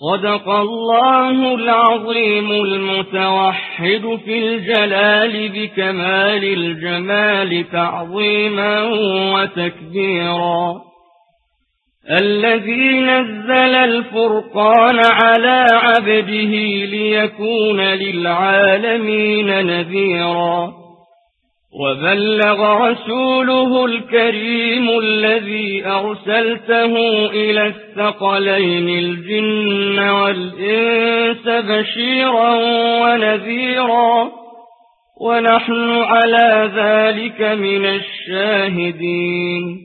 صدق الله العظيم المتوحد في الجلال بكمال الجمال تعظيما وتكبيرا الذي نزل الفرقان على عبده ليكون للعالمين نذيراً وبلغ رسوله الكريم الذي أرسلته إلى الثقلين الجن والإنس بشيرا ونذيرا ونحن على ذلك من الشاهدين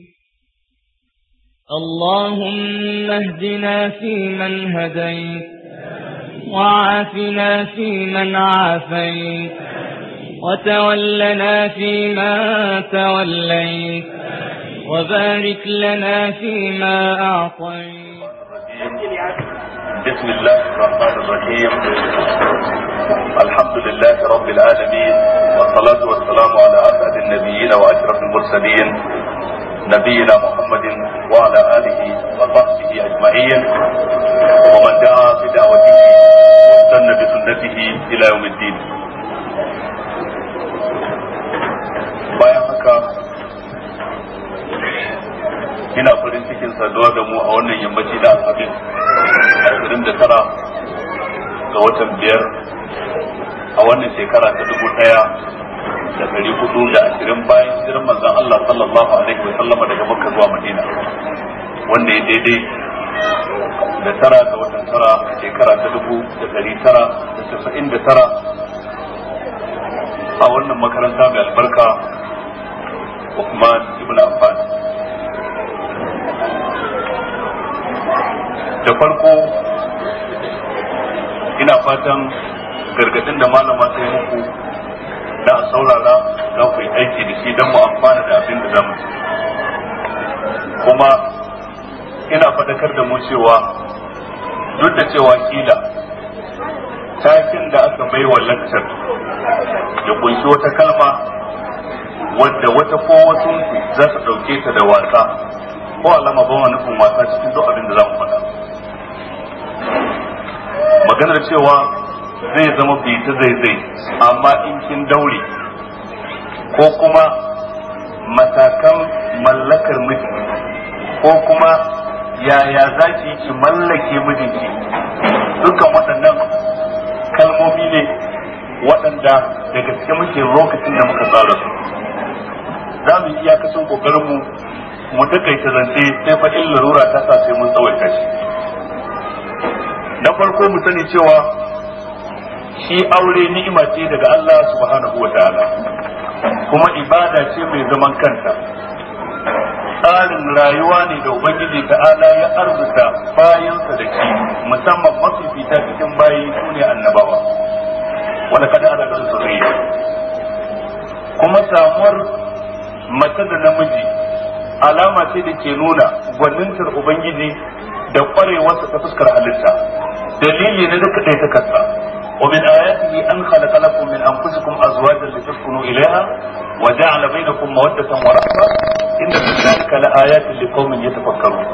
اللهم اهدنا فيمن هديت وعافنا فيمن عافيت وتولنا فيما توليت وبارك لنا فيما أعطيت بسم الله الرحمن الرحيم الحمد لله رب العالمين والصلاة والسلام على أسعد النبيين وأشرف المرسلين نبينا محمد وعلى آله وصحبه أجمعين ومن دعا بدعوته واستنى بسنته إلى يوم الدين bayan haka ina farin cikin saduwa da mu a wannan yammaci da alhamis ashirin da tara ga watan biyar a wannan shekara ta dubu daya da dari hudu da ashirin bayan hijirar manzon Allah sallallahu alaihi wa sallama daga Makka zuwa Madina wanda ya daidai da tara ga watan tara shekara ta dubu da dari tara da casa'in da tara a wannan makaranta mai albarka Uthman ibn Affan da farko ina fatan gargadin da malama ta yi muku da a saurara za ku yi aiki da shi don mu amfana da abin da zamu kuma ina fadakar da mu cewa duk da cewa kila takin da aka bai wa lantar ya kunshi wata kalma wadda wata ko wasu za su ɗauke ta da wasa ko alama ba wani nufin wasa cikin duk abin da za mu faɗa maganar cewa zai zama bai ta zaizai amma in kin daure ko kuma matakan mallakar miji ko kuma yaya za ki ki mallake mijinki dukkan waɗannan kalmomi ne waɗanda daga cikin muke lokacin da muka tsara su za mu yi kasan kokarin mu mu takaita zance sai fa in larura ta sa sai mun tsawaita shi na farko mu sani cewa shi aure ni'ima ce daga Allah subhanahu wataala kuma ibada ce mai zaman kanta tsarin rayuwa ne da ubangiji ta'ala ya arzuta bayansa da shi musamman fita cikin bayi su ne annabawa wani kada ana zurriya kuma samuwar mace da namiji alama ce da ke nuna gwanintar ubangiji da kwarewarsa ta fuskar halitta dalili ne da ɗaya ta kasa ومن آياته أن خلق لكم من أنفسكم أزواجا لتسكنوا إليها وجعل بينكم مودة ورحمة إن في ذلك لآيات لقوم يتفكرون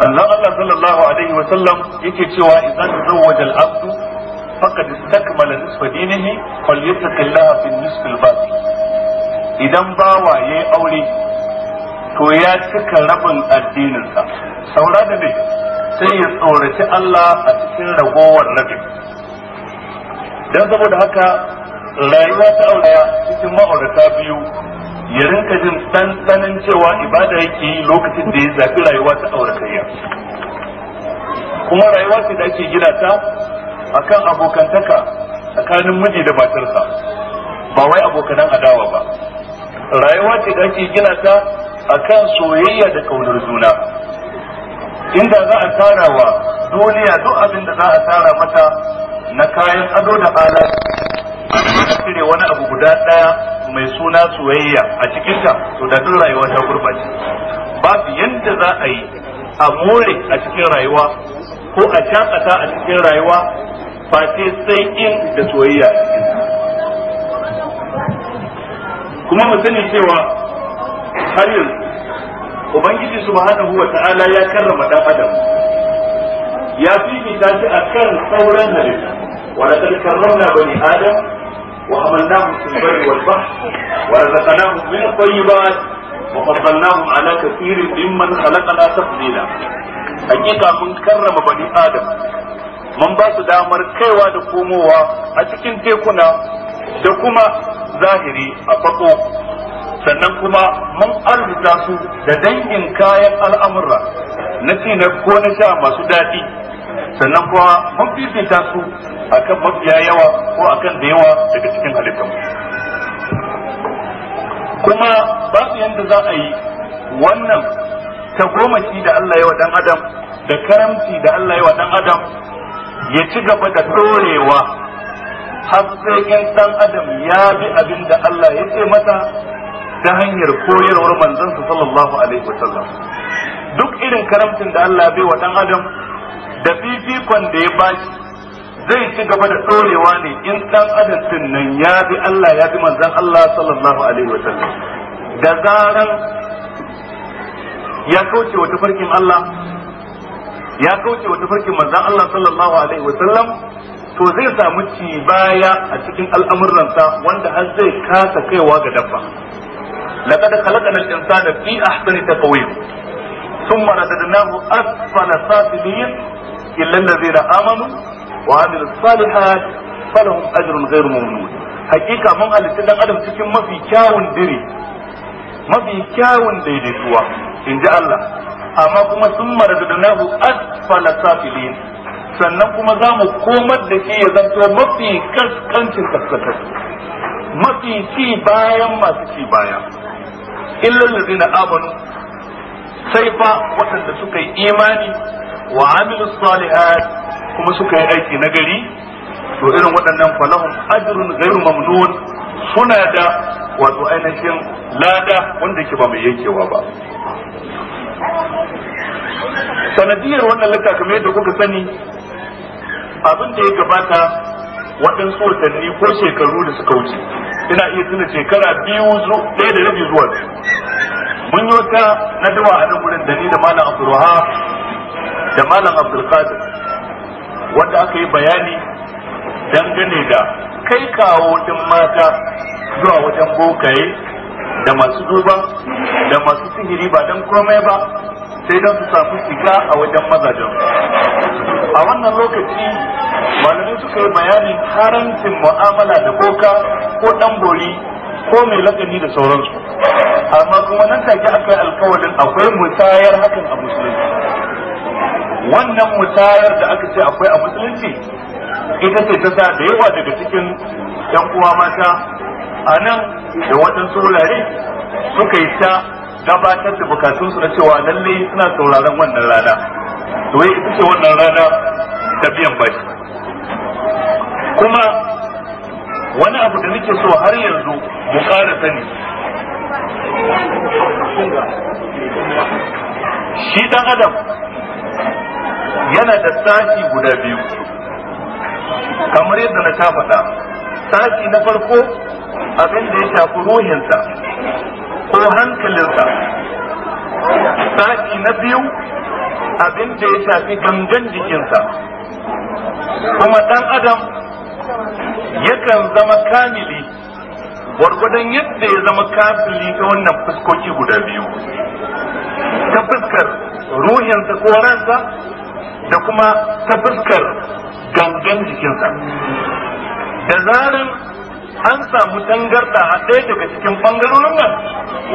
manzon Allah sallallahu alaihi wa sallam yake cewa idan zawwaja al-abdu faqad istakmala nisfa dinihi falyattaqillaha fi nisfi al idan bawa ya yi aure to ya cika rabin addininsa saura da mai sai ya tsoraci Allah a cikin ragowar rabin don saboda haka rayuwa ta aure cikin ma'aurata biyu ya rinka jin tsananin cewa ibada yake yi lokacin da ya zafi rayuwa ta auratayya kuma rayuwa ce da ake gina ta akan abokantaka tsakanin miji da matarsa ba wai abokanan adawa ba rayuwa ce da ake gina ta a kan soyayya da kaunar juna inda za a tara wa duniya duk abin da za a tara mata na kayan ado da ala a cire wani abu guda daya mai suna soyayya a cikinta to da duk rayuwa ta gurbace babu yadda za a yi a more a cikin rayuwa ko a shakata a cikin rayuwa face sai in da soyayya kuma mu sani cewa har yanzu ubangiji subhanahu wa ta'ala ya karrama dan adam ya fifita shi akan sauran halitta wa laqad karramna bani adam wa hamalnahum fil barri wal bahr wa razaqnahum min tayyibat wa faddalnahum ala kathirin mimman khalaqna tafdila hakika mun karrama bani adam mun ba su damar kaiwa da komowa a cikin tekuna da kuma zahiri a fako sannan kuma mun arzuta su da dangin kayan al'amura na na ko na sha masu daɗi sannan kuma mun fifita su akan mafiya yawa ko akan da yawa daga cikin halittar kuma ba su yadda za a yi wannan ta gomaci da Allah ya wa dan adam da karamci da Allah ya dan adam ya ci gaba da ɗorewa har sai in dan adam ya bi abin da Allah ya ce mata ta hanyar koyarwar manzansa sallallahu alaihi wasallam duk irin karamcin da Allah bai wa dan adam da fifikon da ya shi zai ci gaba da dorewa ne in dan adam din nan ya bi Allah ya bi manzon Allah sallallahu alaihi wasallam da zaran ya kauce wa tafarkin Allah ya kauce wa tafarkin manzon Allah sallallahu alaihi wasallam to zai samu ci baya a cikin al'amuransa wanda har zai kasa kaiwa ga dabba laqad khalaqna al-insana fi ahsani taqwim thumma radadnahu asfala safilin illa alladhina amanu wa amilus salihat falahum ajrun ghayru mamnun hakika mun halitta dan adam cikin mafi kyawun dire mafi kyawun daidaituwa in ji Allah amma kuma sun maradadnahu asfala safilin sannan kuma za mu komar da shi ya zanto mafi kaskancin kaskatar mafi ci bayan masu ci baya illal ladina amanu sai fa waɗanda suka yi imani wa amilu salihat kuma suka yi aiki nagari, to irin waɗannan falahum ajrun ghairu mamnun suna da wato ainihin lada wanda ke ba mai yankewa ba sanadiyar wannan littafin kamar yadda kuka sani abin da ya gabata waɗansu watanni ko shekaru da suka wuce ina iya tuna shekara biyu ɗaya da rabi zuwa biyu mun yi wata na dawa a nan wurin da ni da malam abdulha da malam abdulkadir wanda aka yi bayani dangane da kai kawo din mata zuwa wajen bokaye da masu duba da masu sihiri ba don komai ba sai don su samu shiga a wajen mazajen a wannan lokaci malamai suka yi bayanin harancin mu'amala da koka ko dan bori ko mai lakani da sauransu amma kuma nan take akai alkawalin akwai musayar hakan a musulunci wannan musayar da aka ce akwai a musulunci ita ce ta sa da yawa daga cikin yan uwa mata a nan da waɗansu wurare suka yi ta gabatar da bukatunsu na cewa lalle suna sauraron wannan rana to yi ita ce wannan rana ta biyan bashi kuma wani abu da nake so har yanzu mu ƙara sani shi dan adam yana da sashi guda biyu kamar yadda na ta faɗa sashi na farko abin da ya shafi ruhinsa ko hankalinsa sashi na biyu abin da ya shafi gangan jikinsa kuma dan adam yakan zama kamili gwargwadon yadda ya zama kafili ta wannan fuskoki guda biyu ta fuskar ruhinsa ko ransa da kuma ta fuskar gangan jikinsa da zarin an samu tangarda a ɗaya daga cikin ɓangarorin nan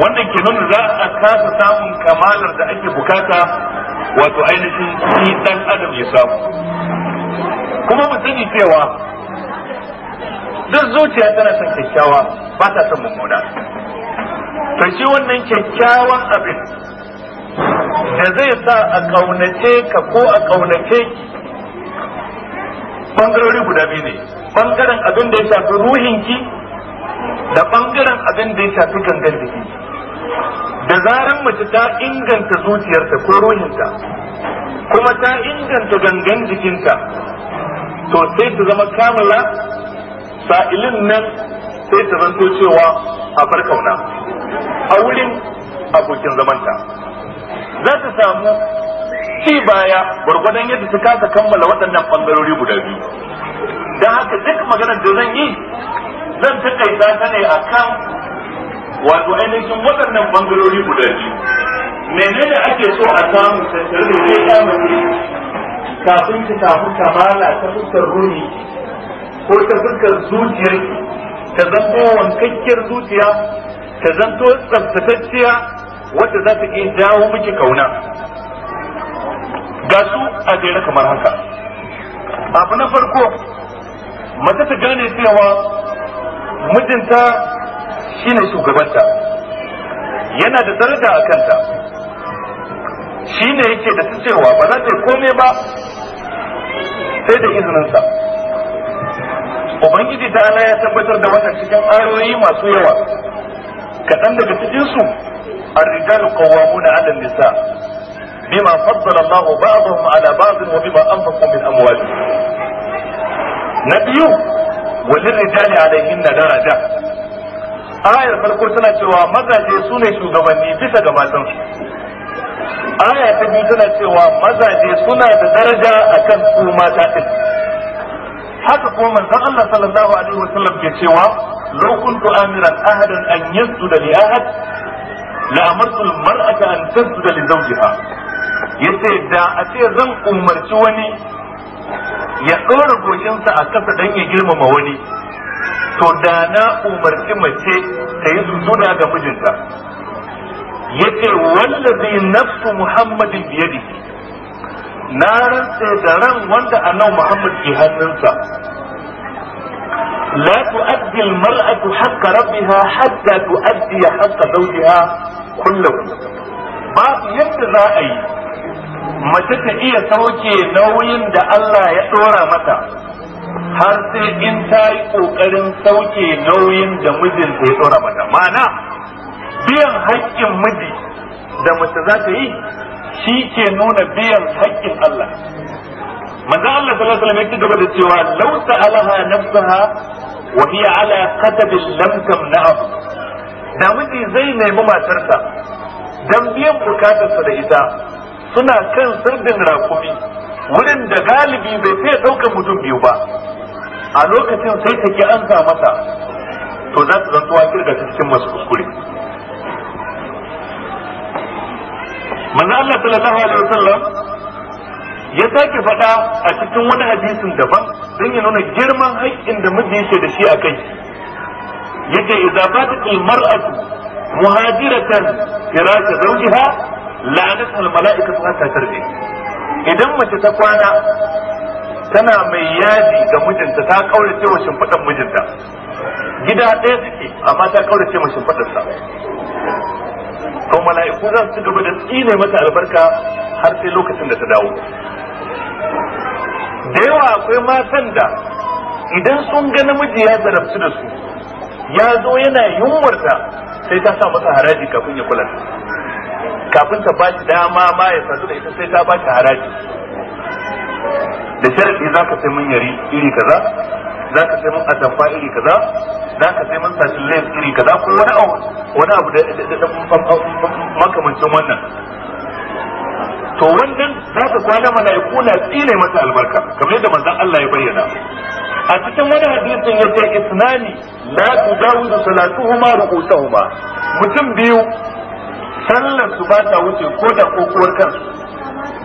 wanda ke nuna za a kasa samun kamalar da ake bukata wato ainihin shi ɗan adam ya samu kuma mu sani cewa duk zuciya tana son kyakkyawa ba ta son mummuna to shi wannan kyakkyawan abin da zai sa a ƙaunace ka ko a ƙaunace ɓangarori guda biyu ne bangaren abin da ya shafi ruhinki da bangaren abin da ya shafi gangan jiki da zaran mace ta inganta zuciyarta ko ruhinta kuma ta inganta gangan jikinta to sai ta zama kamala sa'ilin nan sai ta zanto cewa a farkauna a wurin abokin zamanta za ta samu ci baya gwargwadon yadda ta kasa kammala waɗannan ɓangarori guda biyu da haka duk maganar da zan yi zan takaita ta ne akan wato ainihin waɗannan bangarori guda ne. menene ake so a samu tattare da zai ya mace kafin ki samu kamala ta fuskar ruhi ko ta fuskar zuciyar ta zanto wankakkiyar zuciya ta zanto tsaftatacciya wadda za ta iya jawo miki kauna ga su a jere kamar haka abu na farko mace ta gane cewa mijinta shine shugabanta yana da daraja a kanta shine yake da ta cewa ba za ta yi komai ba sai da izininsa ubangiji ta ana ya tabbatar da wata cikin ayoyi masu yawa kaɗan daga cikinsu الرجال adam nisa bima بما ba الله ala على wa bima anfaqu min أموالهم na biyu wajen rijali da na daraja ayar farko tana cewa mazaje su ne shugabanni bisa ga matansu aya ta biyu tana cewa mazaje suna da daraja akan su mata ɗin. haka kuma manzon Allah sallallahu alaihi wasallam ke cewa law kuntu amiran ahadan an yasjuda li ahad la amartu al-mar'ata an tasjuda li zawjiha yace da a ce zan umarci wani ya ɗora goshinsa a kasa dan ya girmama wani to da na umarci mace ta yi suna ga mijinta Ya yace wallazi nafsu muhammadin biyadi na rantse da ran wanda annabi muhammad ke hannunsa لا تؤدي المرأة haqqa rabbiha hatta tu'addi haqqa zawjiha kullu ba yadda za a yi mace ta iya sauke nauyin da Allah ya ɗora mata har sai in ta yi ƙoƙarin sauke nauyin da mijinta ya ɗora mata ma'ana biyan haƙƙin miji da mace za ta yi shi ke nuna biyan haƙƙin Allah manzo Allah sallallahu alaihi wasallam ya da cewa law ta'alaha nafsaha wa hiya ala qadabil lam da miji zai nemi matarsa dan biyan bukatarsa da ita suna kan sirdin rakumi wurin da galibi bai fiye ɗaukar mutum biyu ba a lokacin sai take an sa mata to za ta zantuwa kirga cikin masu kuskure manzo Allah sallallahu alaihi wasallam ya sake faɗa a cikin wani hadisin daban don ya nuna girman haƙƙin da miji yake da shi a kai yake idza fatat al mar'atu muhajiratan firasha zawjiha la'anat al sun ta tarji idan mace ta kwana tana mai yadi ga mijinta ta kaurace wa shimfidan mijinta gida ɗaya suke amma ta kaurace wa shimfidan sa to mala'iku za su gaba da tsine mata albarka har sai lokacin da ta dawo da yawa akwai matan da idan sun ga namiji ya zarafi da su ya zo yana yunwarta sai ta sa masa haraji kafin ya kula kafin ta ba shi dama ma ya sadu da ita sai ta ba shi haraji da sharadi za ka sai mun yari iri kaza za ka sai mun atamfa iri kaza za ka sai mun sashi lens iri kaza ko wani abu wani abu da makamancin wannan to wannan za ka kwana mala'iku na tsine mata albarka kamar yadda manzon Allah ya bayyana a cikin wani hadisin ya ce isnani la da salatuhuma ruqutahuma mutum biyu sallar su ba ta wuce ko da kokowar kansu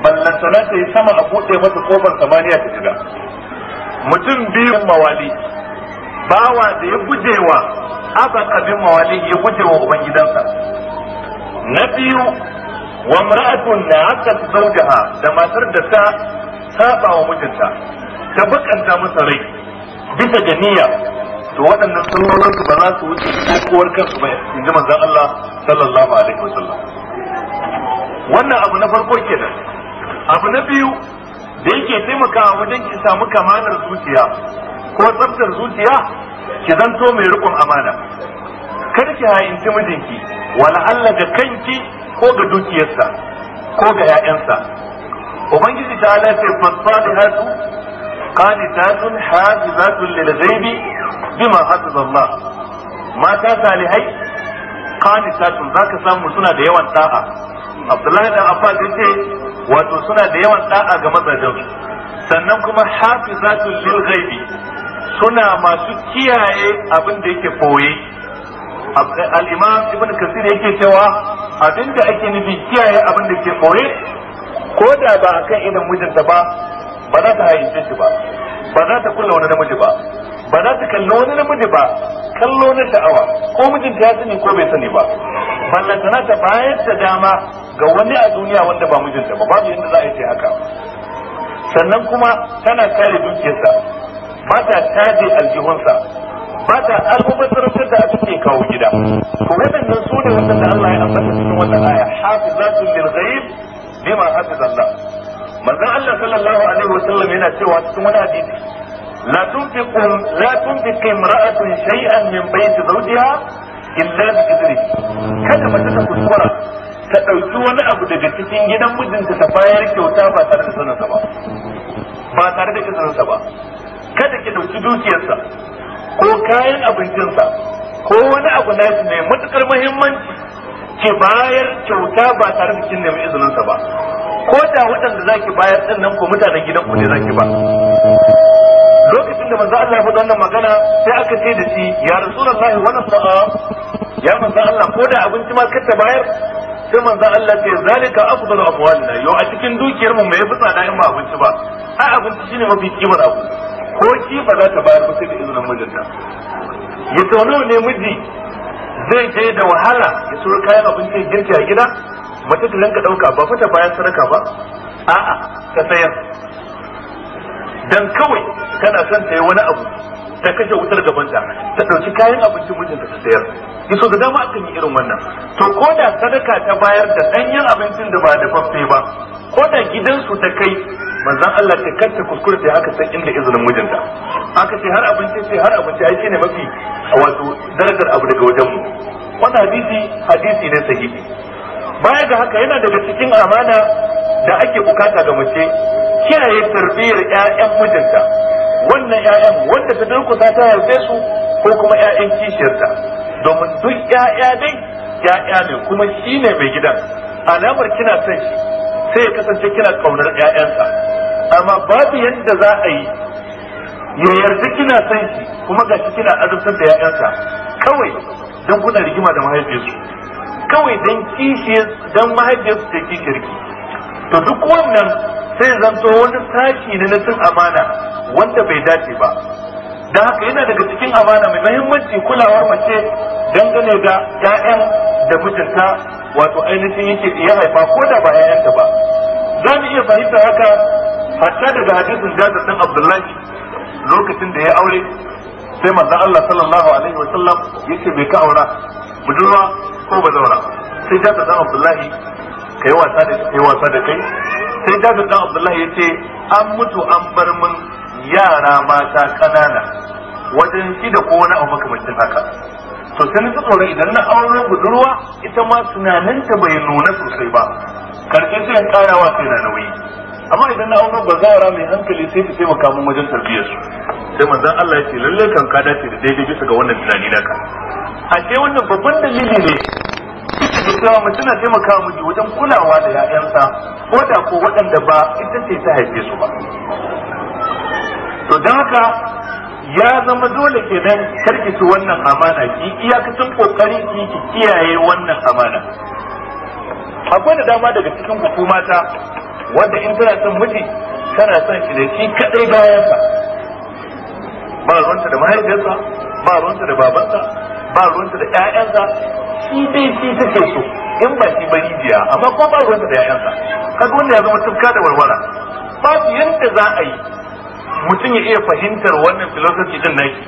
ballan ta yi sama a buɗe masa kofar samaniya ta shiga mutum biyu mawali bawa da ya gujewa aka abin mawali ya gujewa ubangidansa na biyu wa mar'atun na aka zaujaha da matar da ta saba wa mijinta ta bukanta masa rai bisa ga niyya to waɗannan sallolin su ba za su wuce kowar kansu ba in ji manzan Allah sallallahu alaihi wasallam wannan abu na farko kenan abu na biyu da yake taimakawa wajen ki samu kamanar zuciya ko tsaftar zuciya ki zanto mai rikon amana kar ki ha'inci mijinki wala Allah ga kanki ko ga dukiyarsa ko ga 'ya'yansa ubangiji ta ala ce fasalihatu qanitatun hafizatun lil ghaibi bima Allah mata salihai qanitatun zaka samu suna da yawan da'a Abdullahi dan Abbas yace wato suna da yawan da'a ga mazajin sannan kuma hafizatun lil ghaibi suna masu kiyaye abin da yake koye al-imam ibn kasir yake cewa abin da ake nufi kiyaye abin da ke koye ko da ba akan idan mijinta ba ba za ta hayyace shi ba ba za ta kulla wani namiji ba ba za ta kalli wani namiji ba kallo na sha'awa ko mijinta ya sani ko bai sani ba tana ta bayar da dama ga wani a duniya wanda ba mijinta ba babu yadda za a yi haka sannan kuma tana kare dukiyarsa ba ta taje aljihunsa ba ta almubasarantar da abin kawo gida to waɗannan su ne wanda Allah ya ambata cikin wannan aya hafizatun lil ghaib bima hafizallah Allah manzon Allah sallallahu alaihi wasallam yana cewa cikin wani hadisi لا تنفق لا تنفق امرأة شيئا من بيت زوجها إلا بإذنه kada ما ta kuskura ta ɗauki wani abu daga cikin gidan mijinta ta bayar kyauta ba tare da كذا ba ba tare da ba kada ki ɗauki dukiyarsa ko kayan abincinsa ko wani abu na mai matukar muhimmanci ki bayar kyauta ba tare da kin nemi ba ko da waɗanda zaki bayar din nan ko mutanen gidan ku ne zaki ba lokacin da manzo Allah ya faɗa wannan magana sai aka ce da shi ya rasulullahi wannan sa'a ya manzo Allah ko da abinci ma kar ta bayar sai manzo Allah ce zalika afdalu aqwalina yo a cikin dukiyar mu mai fitsa da in ba abinci ba ai abinci shine mafi kimar abu ko ki ba za ta bayar ba sai da izinin mijinta ya tono ne miji zai je da wahala ya suru kayan abinci girki a gida mace ta lanka dauka ba fa ta bayan sadaka ba a'a ta sayar dan kawai kana son ta yi wani abu ta kashe wutar gaban ta ta ɗauki kayan abincin mijinta ta sayar iso da dama akan yi irin wannan to ko da sadaka ta bayar da ɗanyen abincin da ba da dafaffe ba ko da gidansu ta kai manzan Allah ta kanta kuskure ta haka san inda izinin mijinta aka ce har abinci sai har abinci ai ne mafi wato darajar abu daga wajen mu wannan hadisi hadisi ne sahihi baya ga haka yana daga cikin amana da ake bukata ga mace kiyaye tarbiyyar 'ya'yan mijinta wannan yayan wanda ta durkusa ta haife su ko kuma yayan kishiyarta domin duk yaya dai ƴaƴa ne kuma shi ne mai gidan alamar kina son shi sai ya kasance kina kaunar yayansa amma babu yadda za a yi ya yarda kina son shi kuma ga shi kina azabtar da 'yayansa kawai don kuna rigima da mahaifiyarsu kawai don kishiyar don mahaifiyarsu ta ki to duk wannan sai zanto wani sashi ne na cin amana wanda bai dace ba da haka yana daga cikin amana mai mahimmanci kulawar mace dangane da 'ya'yan da mijinta wato ainihin yake ya haifa ko da ba 'ya'yanta ba za mu iya fahimta haka hatta daga hadisin jabir abdullahi lokacin da ya aure sai manzon Allah sallallahu alaihi wa sallam yake bai ka aura budurwa ko ba zaura sai jabir abdullahi kai wasa wasa da kai sai jabir dan abdullahi ya ce an mutu an bar mun yara mata kanana wajen da ko wani abu makamancin haka to sai su tsoron idan na aure budurwa ita ma tunaninta bai nuna sosai ba karshe sai an kara wa kai na nauyi amma idan na za bazara mai hankali sai ta taimaka mun wajen tarbiyyar su sai manzon Allah ya ce lalle kan ka dace da daidai bisa ga wannan tunani naka a sai wannan babban dalili ne cewa mace na taimaka miji wajen kulawa da 'ya'yansa ko da ko waɗanda ba ita ce ta haife su ba to don haka ya zama dole kenan karki su wannan amana ki iyakacin kokari ki ki kiyaye wannan amana akwai da dama daga cikin hukumata wanda in tana son miji tana son shi ne shi kadai bayansa ba ruwanta da mahaifiyarsa ba ruwanta da babansa ba ruwanta da 'ya'yansa shi dai shi take so in ba shi bari biya amma ko ba wanda da yayansa kaga wanda ya zama tufka da warwara babu yanda za a yi mutum ya iya fahimtar wannan philosophy din naki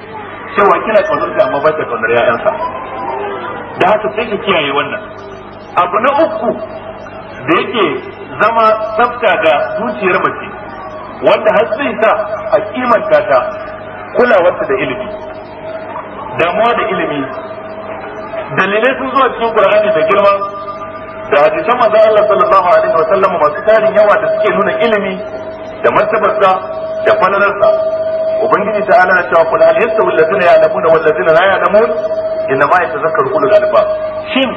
cewa kina kaunar ta amma ba ta kaunar yayansa da haka sai ki kiyaye wannan abu na uku da yake zama tsafta ga zuciyar mace wanda har zai sa a kimanta ta kulawarta da ilimi damuwa da ilimi dalilai sun zo cikin qur'ani da girma da hadisan manzo Allah sallallahu alaihi wa sallam masu tarin yawa da suke nuna ilimi da martabarsa da falalarsa ubangiji ta ala na cewa kul hal yastawi alladhina ya'lamuna wal ladina la ya'lamun inna ma yatazakkaru ulul albab shin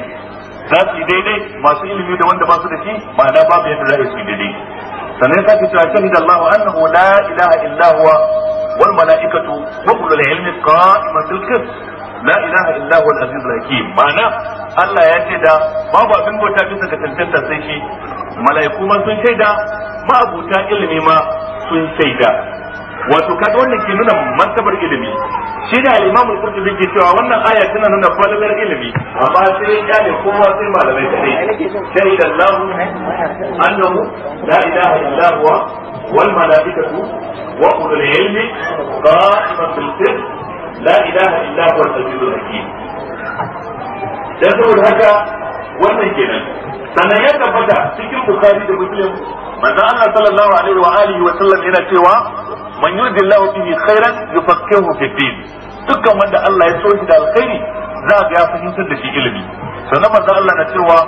za su yi daidai masu ilimi da wanda ba su da shi ma'ana babu yadda za su yi daidai sannan sake cewa da Allah annahu la ilaha illa huwa wal mala'ikatu wa ulul ilmi qa'imatul qist la ilaha illa huwa al-aziz al-hakim ma'ana Allah ya ce da babu abin bauta bisa ka tantance sai shi mala'iku ma sun shaida ma'abuta ilimi ma sun shaida wato kaga wannan ke nuna martabar ilimi shi da al-imam al-qurtubi ke cewa wannan aya tana nuna falalar ilimi amma sai ya kyale kowa sai malamai sai da Allah annahu la ilaha illa huwa wal malaikatu wa ulul ilmi qa'iman qist la ilaha illa huwa al-azizul hakim dan saboda haka wannan kenan sannan ya tabbata cikin bukari da muslim manzo Allah sallallahu alaihi wa alihi wa sallam yana cewa man yudillahu bihi khairan yufaqihu fi din dukkan wanda Allah ya so shi da alkhairi za ga ya fahimtar da shi ilimi sannan manzo Allah na cewa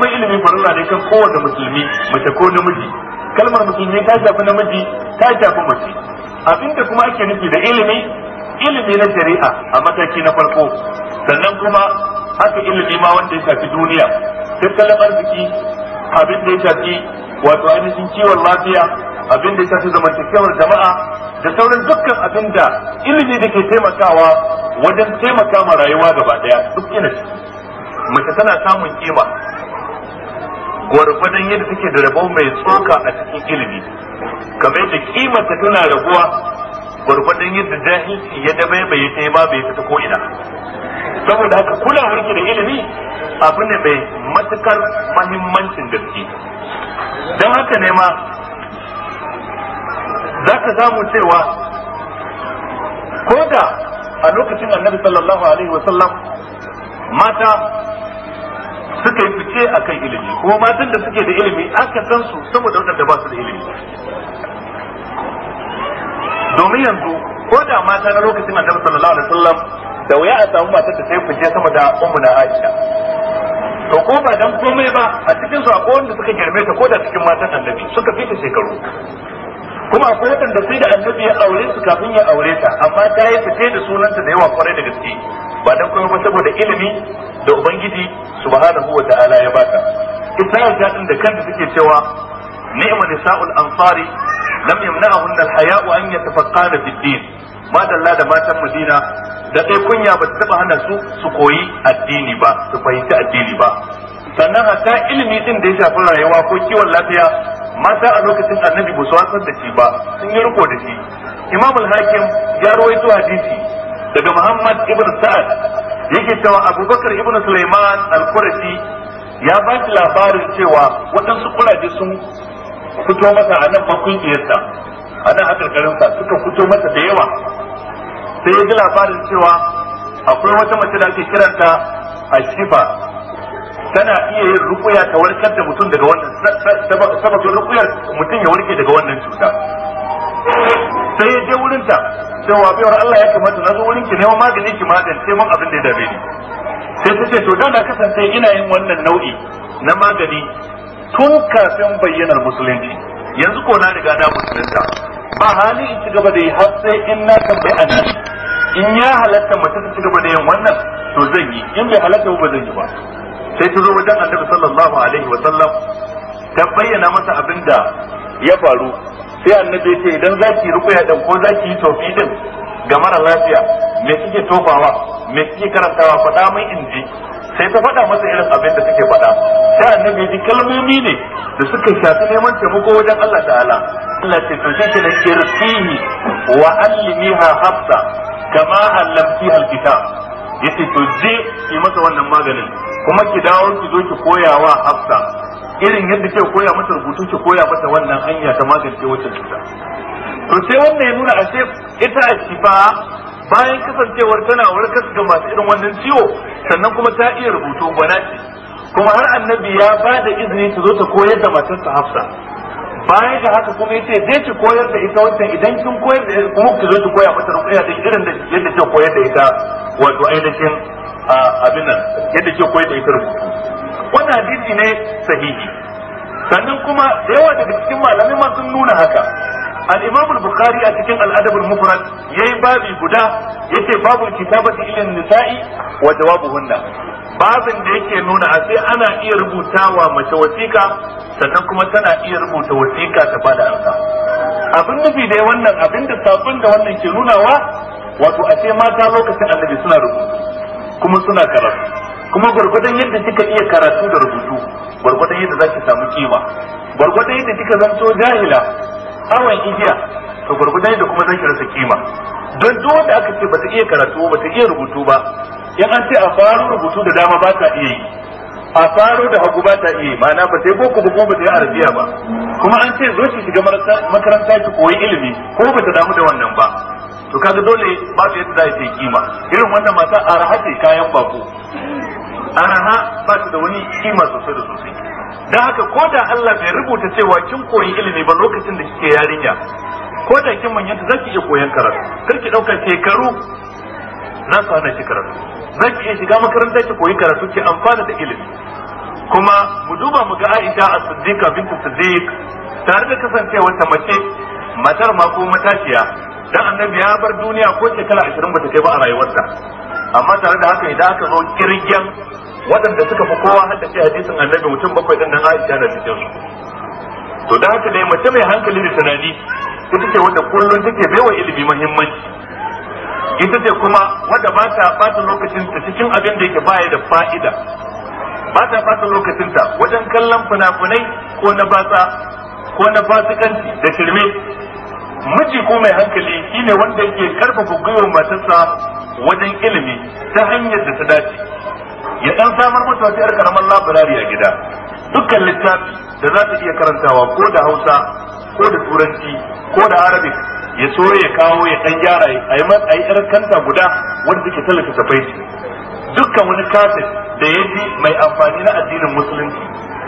mai ilimi farilla ne kan kowace musulmi mace ko namiji kalmar musulmi ta shafi namiji ta shafi mace abinda kuma ake nufi da ilimi ilimi na shari'a a mataki na farko sannan kuma haka ilimi ma wanda ya shafi duniya tattalin arziki abin da ya shafi wato ainihin kiwon lafiya abin da ya shafi zamantakewar jama'a da sauran dukkan abin da ilimi da ke taimakawa wajen taimaka ma rayuwa gaba daya duk ina mace tana samun kima gwargwadon yadda take da rabon mai tsoka a cikin ilimi kamar yadda ta tana rabuwa. gurgurdan yadda jahilci ya bai sai ba bai fita ko ina saboda haka kulawar harki da ilimi abin ne bai matukar mahimmancin gaske Dan haka ne ma za ka samu cewa ko da a lokacin annabi sallallahu alaihi wasallam mata suka fice a kan ilimi kuma matan da suke da ilimi aka san su saboda waɗanda ba su da ilimi domin yanzu ko da mata na lokacin annabi sallallahu alaihi wasallam da wuya a samu matar da ta yi fice sama da ummu na Aisha to ko ba dan komai ba a cikin su akwai wanda suka girme ta ko da cikin matan annabi suka fita shekaru kuma akwai wadanda sai da annabi ya aure su kafin ya aure ta amma ta yi fice da sunanta da yawa kwarai da gaske ba dan komai ba saboda ilimi da ubangiji subhanahu wa ta'ala ya bata ita ya da kanta take cewa ni'ma nisa'ul ansari lam yamna'ahun al-haya'u an yatafaqqana da din madalla da matan Madina da dai kunya ba ta hana su su koyi addini ba su fahimci addini ba sannan hatta ilimi din da ya shafi rayuwa ko kiwon lafiya mata a lokacin annabi ba su da shi ba sun yi riko da shi imam al-hakim ya rawaito hadisi daga muhammad ibn sa'ad yake cewa abubakar ibn sulaiman al-qurashi ya ba shi labarin cewa waɗansu kuraje sun fito masa a nan bakun iyarsa a nan karkarinsa suka fito masa da yawa sai ya ji labarin cewa akwai wata mace da ake kiranta a shifa tana iya yin rukuya ta warkar da mutum daga wannan sababin rukuyar mutum ya warke daga wannan cuta sai ya je wurinta sai wa baiwar Allah ya kamata na zo ki neman magani ki magance mun abin da ya dame ni sai ta ce to da na kasance ina yin wannan nau'i na magani tun kafin bayyanar musulunci yanzu ko na riga na musulunta ba hali in ci gaba da yi har sai in na tambayi nan in ya halatta mace ta ci gaba da yin wannan to zan yi in bai halatta ba zan yi ba sai ta zo wajen annabi sallallahu alaihi wa sallam ta bayyana masa abin da ya faru sai annabi ya ce idan zaki rukuya dan ko zaki yi tofi din ga mara lafiya me kike tofawa me kike karantawa faɗa mai in ji sai ta faɗa masa irin abin da suke faɗa sai annabi ji kalmomi ne da suka shafi neman taimako wajen Allah ta'ala Allah ce to shi ne irfihi wa allimiha hafsa kama allamtiha alkitab yace to je ki masa wannan maganin kuma ki dawo ki zo ki koya wa hafsa irin yadda ke koya mata rubutu ki koya mata wannan hanya ta magance wacce cuta to sai wannan ya nuna ashe ita a shifa bayan kasancewar tana warkar ga masu irin wannan ciwo sannan kuma ta iya rubutu gwana ce kuma har annabi ya ba da izini ta zo ta koyar da matarsa hafsa bayan da haka kuma yace zai ci koyar da ita wancan idan kin koyar da kuma ki zo ki koya mata ruqya da irin da yadda ke koyar da ita wato ainihin abin nan yadda ke koyar da ita rubutu wannan hadisi ne sahihi sannan kuma da yawa daga cikin malamai ma sun nuna haka al-imam al-bukhari a cikin al-adab al-mufrad yayi babi guda yace babu kitabati ilin nisa'i wa jawabuhunna babin da yake nuna a sai ana iya rubutawa mace wasiƙa sannan kuma tana iya rubuta wasiƙa ta bada amsa abin da nufi dai wannan abin da sabon da wannan ke nunawa wato a ce mata lokacin annabi suna rubutu kuma suna karatu kuma gwargwadon yadda kika iya karatu da rubutu gwargwadon yadda zaki samu kima gwargwadon yadda kika zanto jahila awon igiya to gurgudai da kuma zaki rasa kima don duk wanda aka ce bata iya karatu bata iya rubutu ba in an ce a faru rubutu da dama ba ta iya yi a faru da hagu ba ta iya ma'ana ba sai boko ba ko ba yi arabiya ba kuma an ce zo ki shiga makaranta ki koyi ilimi ko ba ta damu da wannan ba to kaga dole ba ta yadda za a ce kima irin wannan mata araha ce kayan bako araha ba ta da wani kima sosai da sosai dan haka ko da Allah bai rubuta cewa kin koyi ilimi ba lokacin da kike yarinya ko da kin manyanta zaki iya koyan karatu kar ki dauka shekaru za su hana ki karatu zaki iya shiga makaranta ki koyi karatu ki amfana da ilimi kuma mu duba mu ga Aisha as-Siddiqa bintu Siddiq tare da kasancewar ta mace matar ma ko matashiya dan annabi ya bar duniya ko shekara 20 bata kai ba a rayuwarta amma tare da haka idan aka zo kirgen waɗanda suka fi kowa haddace hadisin annabi mutum bakwai ɗin nan Aisha na cikin su to da haka dai mace mai hankali da tunani ita ce wanda kullum take baiwa ilimi muhimmanci ita ce kuma wadda ba ta ɓata lokacin ta cikin abin da yake baya da fa'ida ba ta ɓata lokacin ta wajen kallon fina-finai ko na batsa ko na fasikanci da shirme miji ko mai hankali shine wanda yake karfafa gwiwar matarsa wajen ilimi ta hanyar da ta dace ya dan samar mata wata yar karamar labarari a gida dukkan littafi da za ta iya karantawa ko da hausa ko da turanci ko da arabic ya so ya kawo ya dan gyara a yi a kanta guda wanda take tallata safai dukkan wani kaset da ya ji mai amfani na addinin musulunci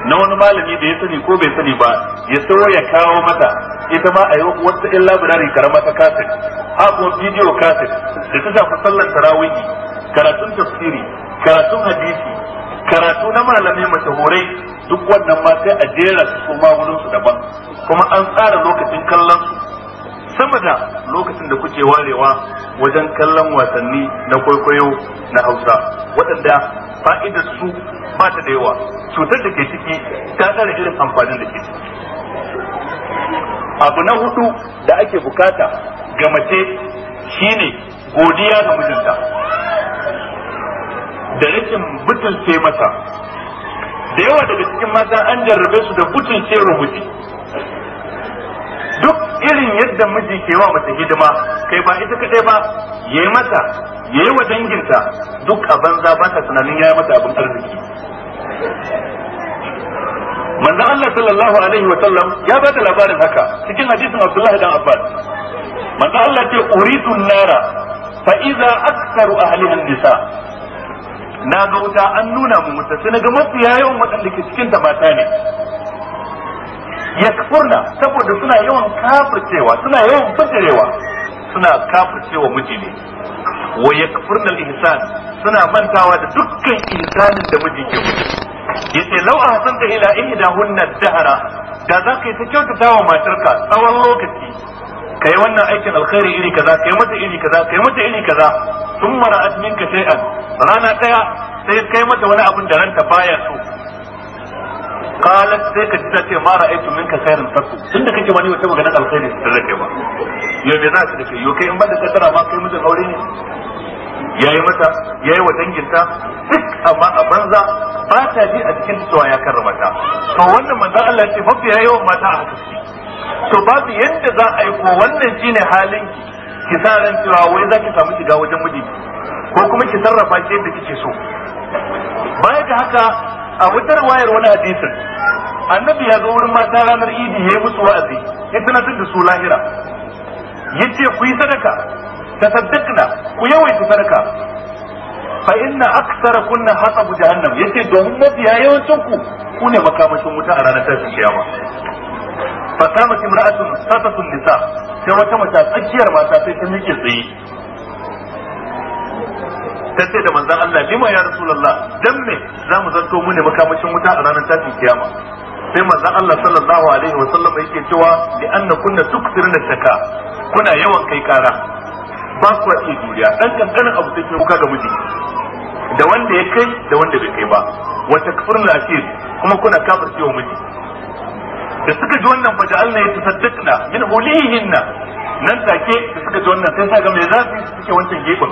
na wani malami da ya sani ko bai sani ba ya so ya kawo mata ita ma a yi wata yan labirari karama ta kaset ha kuma bidiyo kaset da ta shafi sallar tarawihi karatun tafsiri karatun hadisi karatu na malamai mashahurai duk wannan ma sai a jera su ma su daban kuma an tsara lokacin kallon su sama lokacin da kuke warewa wajen kallon wasanni na kwaikwayo na Hausa waɗanda fa'idar su ba ta da yawa cutar da ke ciki ta tsara irin amfanin da ke ciki abu na hudu da ake bukata ga mace shine godiya ga mijinta da rashin butulce masa da yawa daga cikin mata an jarrabe su da butulce rubuci duk irin yadda miji ke wa mata hidima kai ba ita kadai ba yayi mata yayi wa danginta duk a banza ba ta tunanin yayi mata abin arziki manzon Allah sallallahu alaihi wa sallam ya bada labarin haka cikin hadisin Abdullah dan Abbas manzon Allah ce uridu nara fa idza ahli ahliha nisa na ga wuta an nuna mu wuta sai na ga mafi yawan waɗanda ke cikin ta mata ne yakfurna saboda suna yawan kafircewa suna yawan fitirewa suna kafircewa miji ne wa yakfurna al-ihsan suna mantawa da dukkan ihsanin da miji ke miji yace law ahsanta ila ihdahunna dahara da zaka yi ta kyautata wa matarka tsawon lokaci kai wannan aikin alkhairi iri kaza kai mata iri kaza kai mata iri kaza sun mara'at ka shay'an rana daya sai kai mata wani abin da ranta baya so qalat sai ka ta ce mara aitu minka khairan fatu tunda kake wani wata magana alkhairi da rake ba yo me za ka dace yo kai in ba da kadara ma kai mata aure ne yayi mata yayi wa danginta duk amma a banza ba ta ji a cikin tsoya ya karrama to wannan manzo Allah ya ce mafi yawan mata a haka to babu yadda za a yi ko wannan shine halin ki ki sa ran cewa wai za ki samu shiga wajen miji ko kuma ki sarrafa shi yadda kike so baya ga haka a wutar wayar wani hadisin annabi ya zo wurin mata ranar idi ya yi musu wa'azi ya na da su lahira yace ce ku yi sadaka ta saddakna ku yawaita sadaka fa inna aksara kunna hatabu jahannam yace domin mafiya yawancin ku ku ne makamashin wuta a ranar tashin kiyama fa qamat imra'atun satatun nisa sai wata mata tsakiyar mata sai ta miƙe tsaye ta ce da manzan Allah lima ya rasulullah dan me za mu zanto mu ne makamashin wuta a ranar tasin kiyama sai manzan Allah sallallahu alaihi wa sallam yake cewa li anna kunna tukthirna shaka kuna yawan kai kara ba ku juriya dan kankanin abu sai kuka ga miji da wanda ya kai da wanda bai kai ba wata takfurna asir kuma kuna kafircewa miji da suka ji wannan fa ja'alna yatasaddaqna min ulihinna nan take da suka ji wannan sai ga me za su suke wancan gefen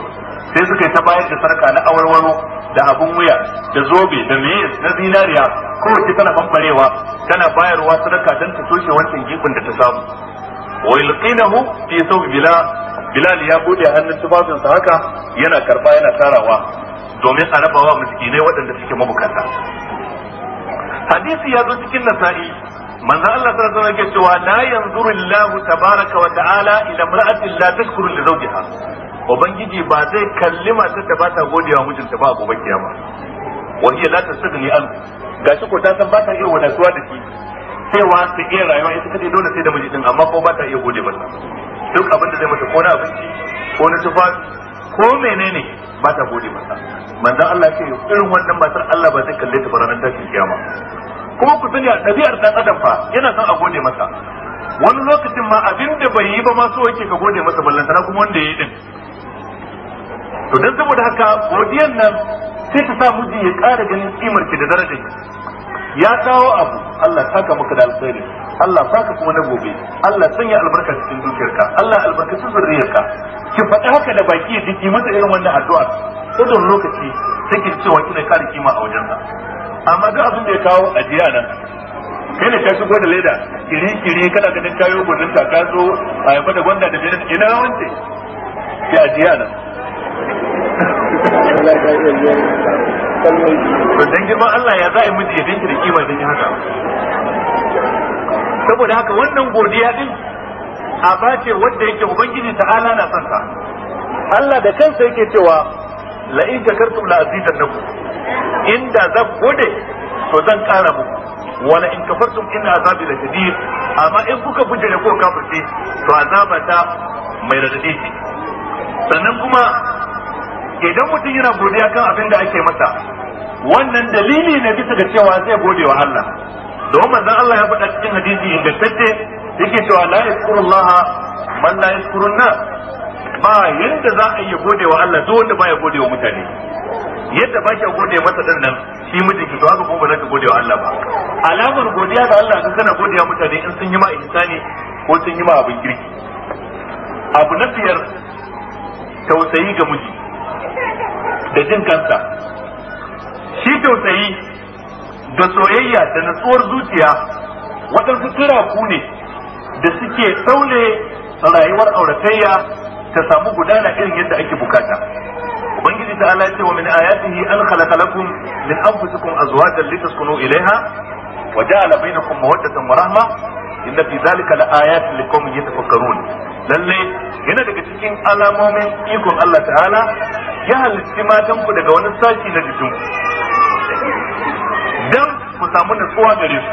sai suka yi ta bayar da sarka na awarwaro da abun wuya da zobe da me na zinariya ki tana bambarewa tana bayarwa sarka dan ta toshe wancan gefen da ta samu wa yulqinahu fi sawbi bila Bilal ya bude hannun tufafinsa haka yana karba yana tarawa domin a rabawa miskinai waɗanda suke mabukata hadisi ya zo cikin nasa'i manzo Allah sallallahu alaihi wasallam yake cewa la yanzuru Allahu tabaraka wa ta'ala ila imra'atin la tashkuru li zawjiha ubangiji ba zai kalli matar da ba ta godewa mijinta ba a gobe kiyama wa hiya la tasdini an gashi ko ta san ba ta iya wadatuwa da shi cewa su iya rayuwa ita kace dole sai da miji din amma ko ba ta iya gode masa duk abin da zai mata ko na abinci ko na tufafi ko menene ba ta gode masa manzo Allah ya ce irin wannan matar Allah ba zai kalle ta ranar tashin kiyama kuma ku sani a ɗabi'ar ɗan adam fa yana son a gode masa wani lokacin ma abin da bai yi ba ma so ka gode masa ballantana kuma wanda ya yi din to dan saboda haka godiyan nan sai ta sa miji ya ƙara ganin kimar ki da darajar ya kawo abu Allah saka maka da alkhairi Allah saka kuma na gobe Allah sanya albarka cikin dukiyarka Allah albarkaci zuriyarka ki faɗi haka da baki ya jiki masa irin wannan addu'a sai lokaci sai ki cewa kina kare kima a wajensa amma ga abin da ya kawo ajiya nan kai ne kai shigo da leda kiri kiri kana ganin kayo gudun ta ka zo a yaba da gwanda da menene ina wance ya ajiya nan to dan girman Allah ya za'i miji ya dinki da kima dan haka saboda haka wannan godiya din a bace wanda yake ubangiji ta'ala na santa Allah da kansa yake cewa la in shakartum la azidannakum inda zan gode to zan kara muku wala in kafartum inna azabi la shadid amma in kuka buje ko kafirce to azaba ta mai radadi ce sannan kuma idan mutum yana godiya kan abin da ake masa wannan dalili ne bisa ga cewa zai gode wa Allah don manzon Allah ya faɗa cikin hadisi ingantacce yake cewa la yaskurullah man la yaskurun ba yanda za a yi gode wa Allah duk wanda baya gode wa mutane yadda ba ki gode masa din nan shi mijin ki to haka ko ba za ki gode wa Allah ba alamar godiya ga Allah kan kana godiya mutane in sun yi ma insani ko sun yi ma abin kirki abu na biyar tausayi ga miji da jin kansa shi tausayi da soyayya da natsuwar zuciya waɗansu kira ku ne da suke saule rayuwar auratayya ta samu gudana irin yadda ake bukata ubangiji ta Allah ce wa min ayatihi an khalaqa lakum min anfusikum azwajan litaskunu ilaiha wa ja'ala bainakum mawaddatan wa rahma inna fi dhalika laayatin liqaumin yatafakkarun lalle yana daga cikin alamomin ikon Allah ta'ala ya halitti matan ku daga wani sashi na jikin dan ku samu natsuwa gare su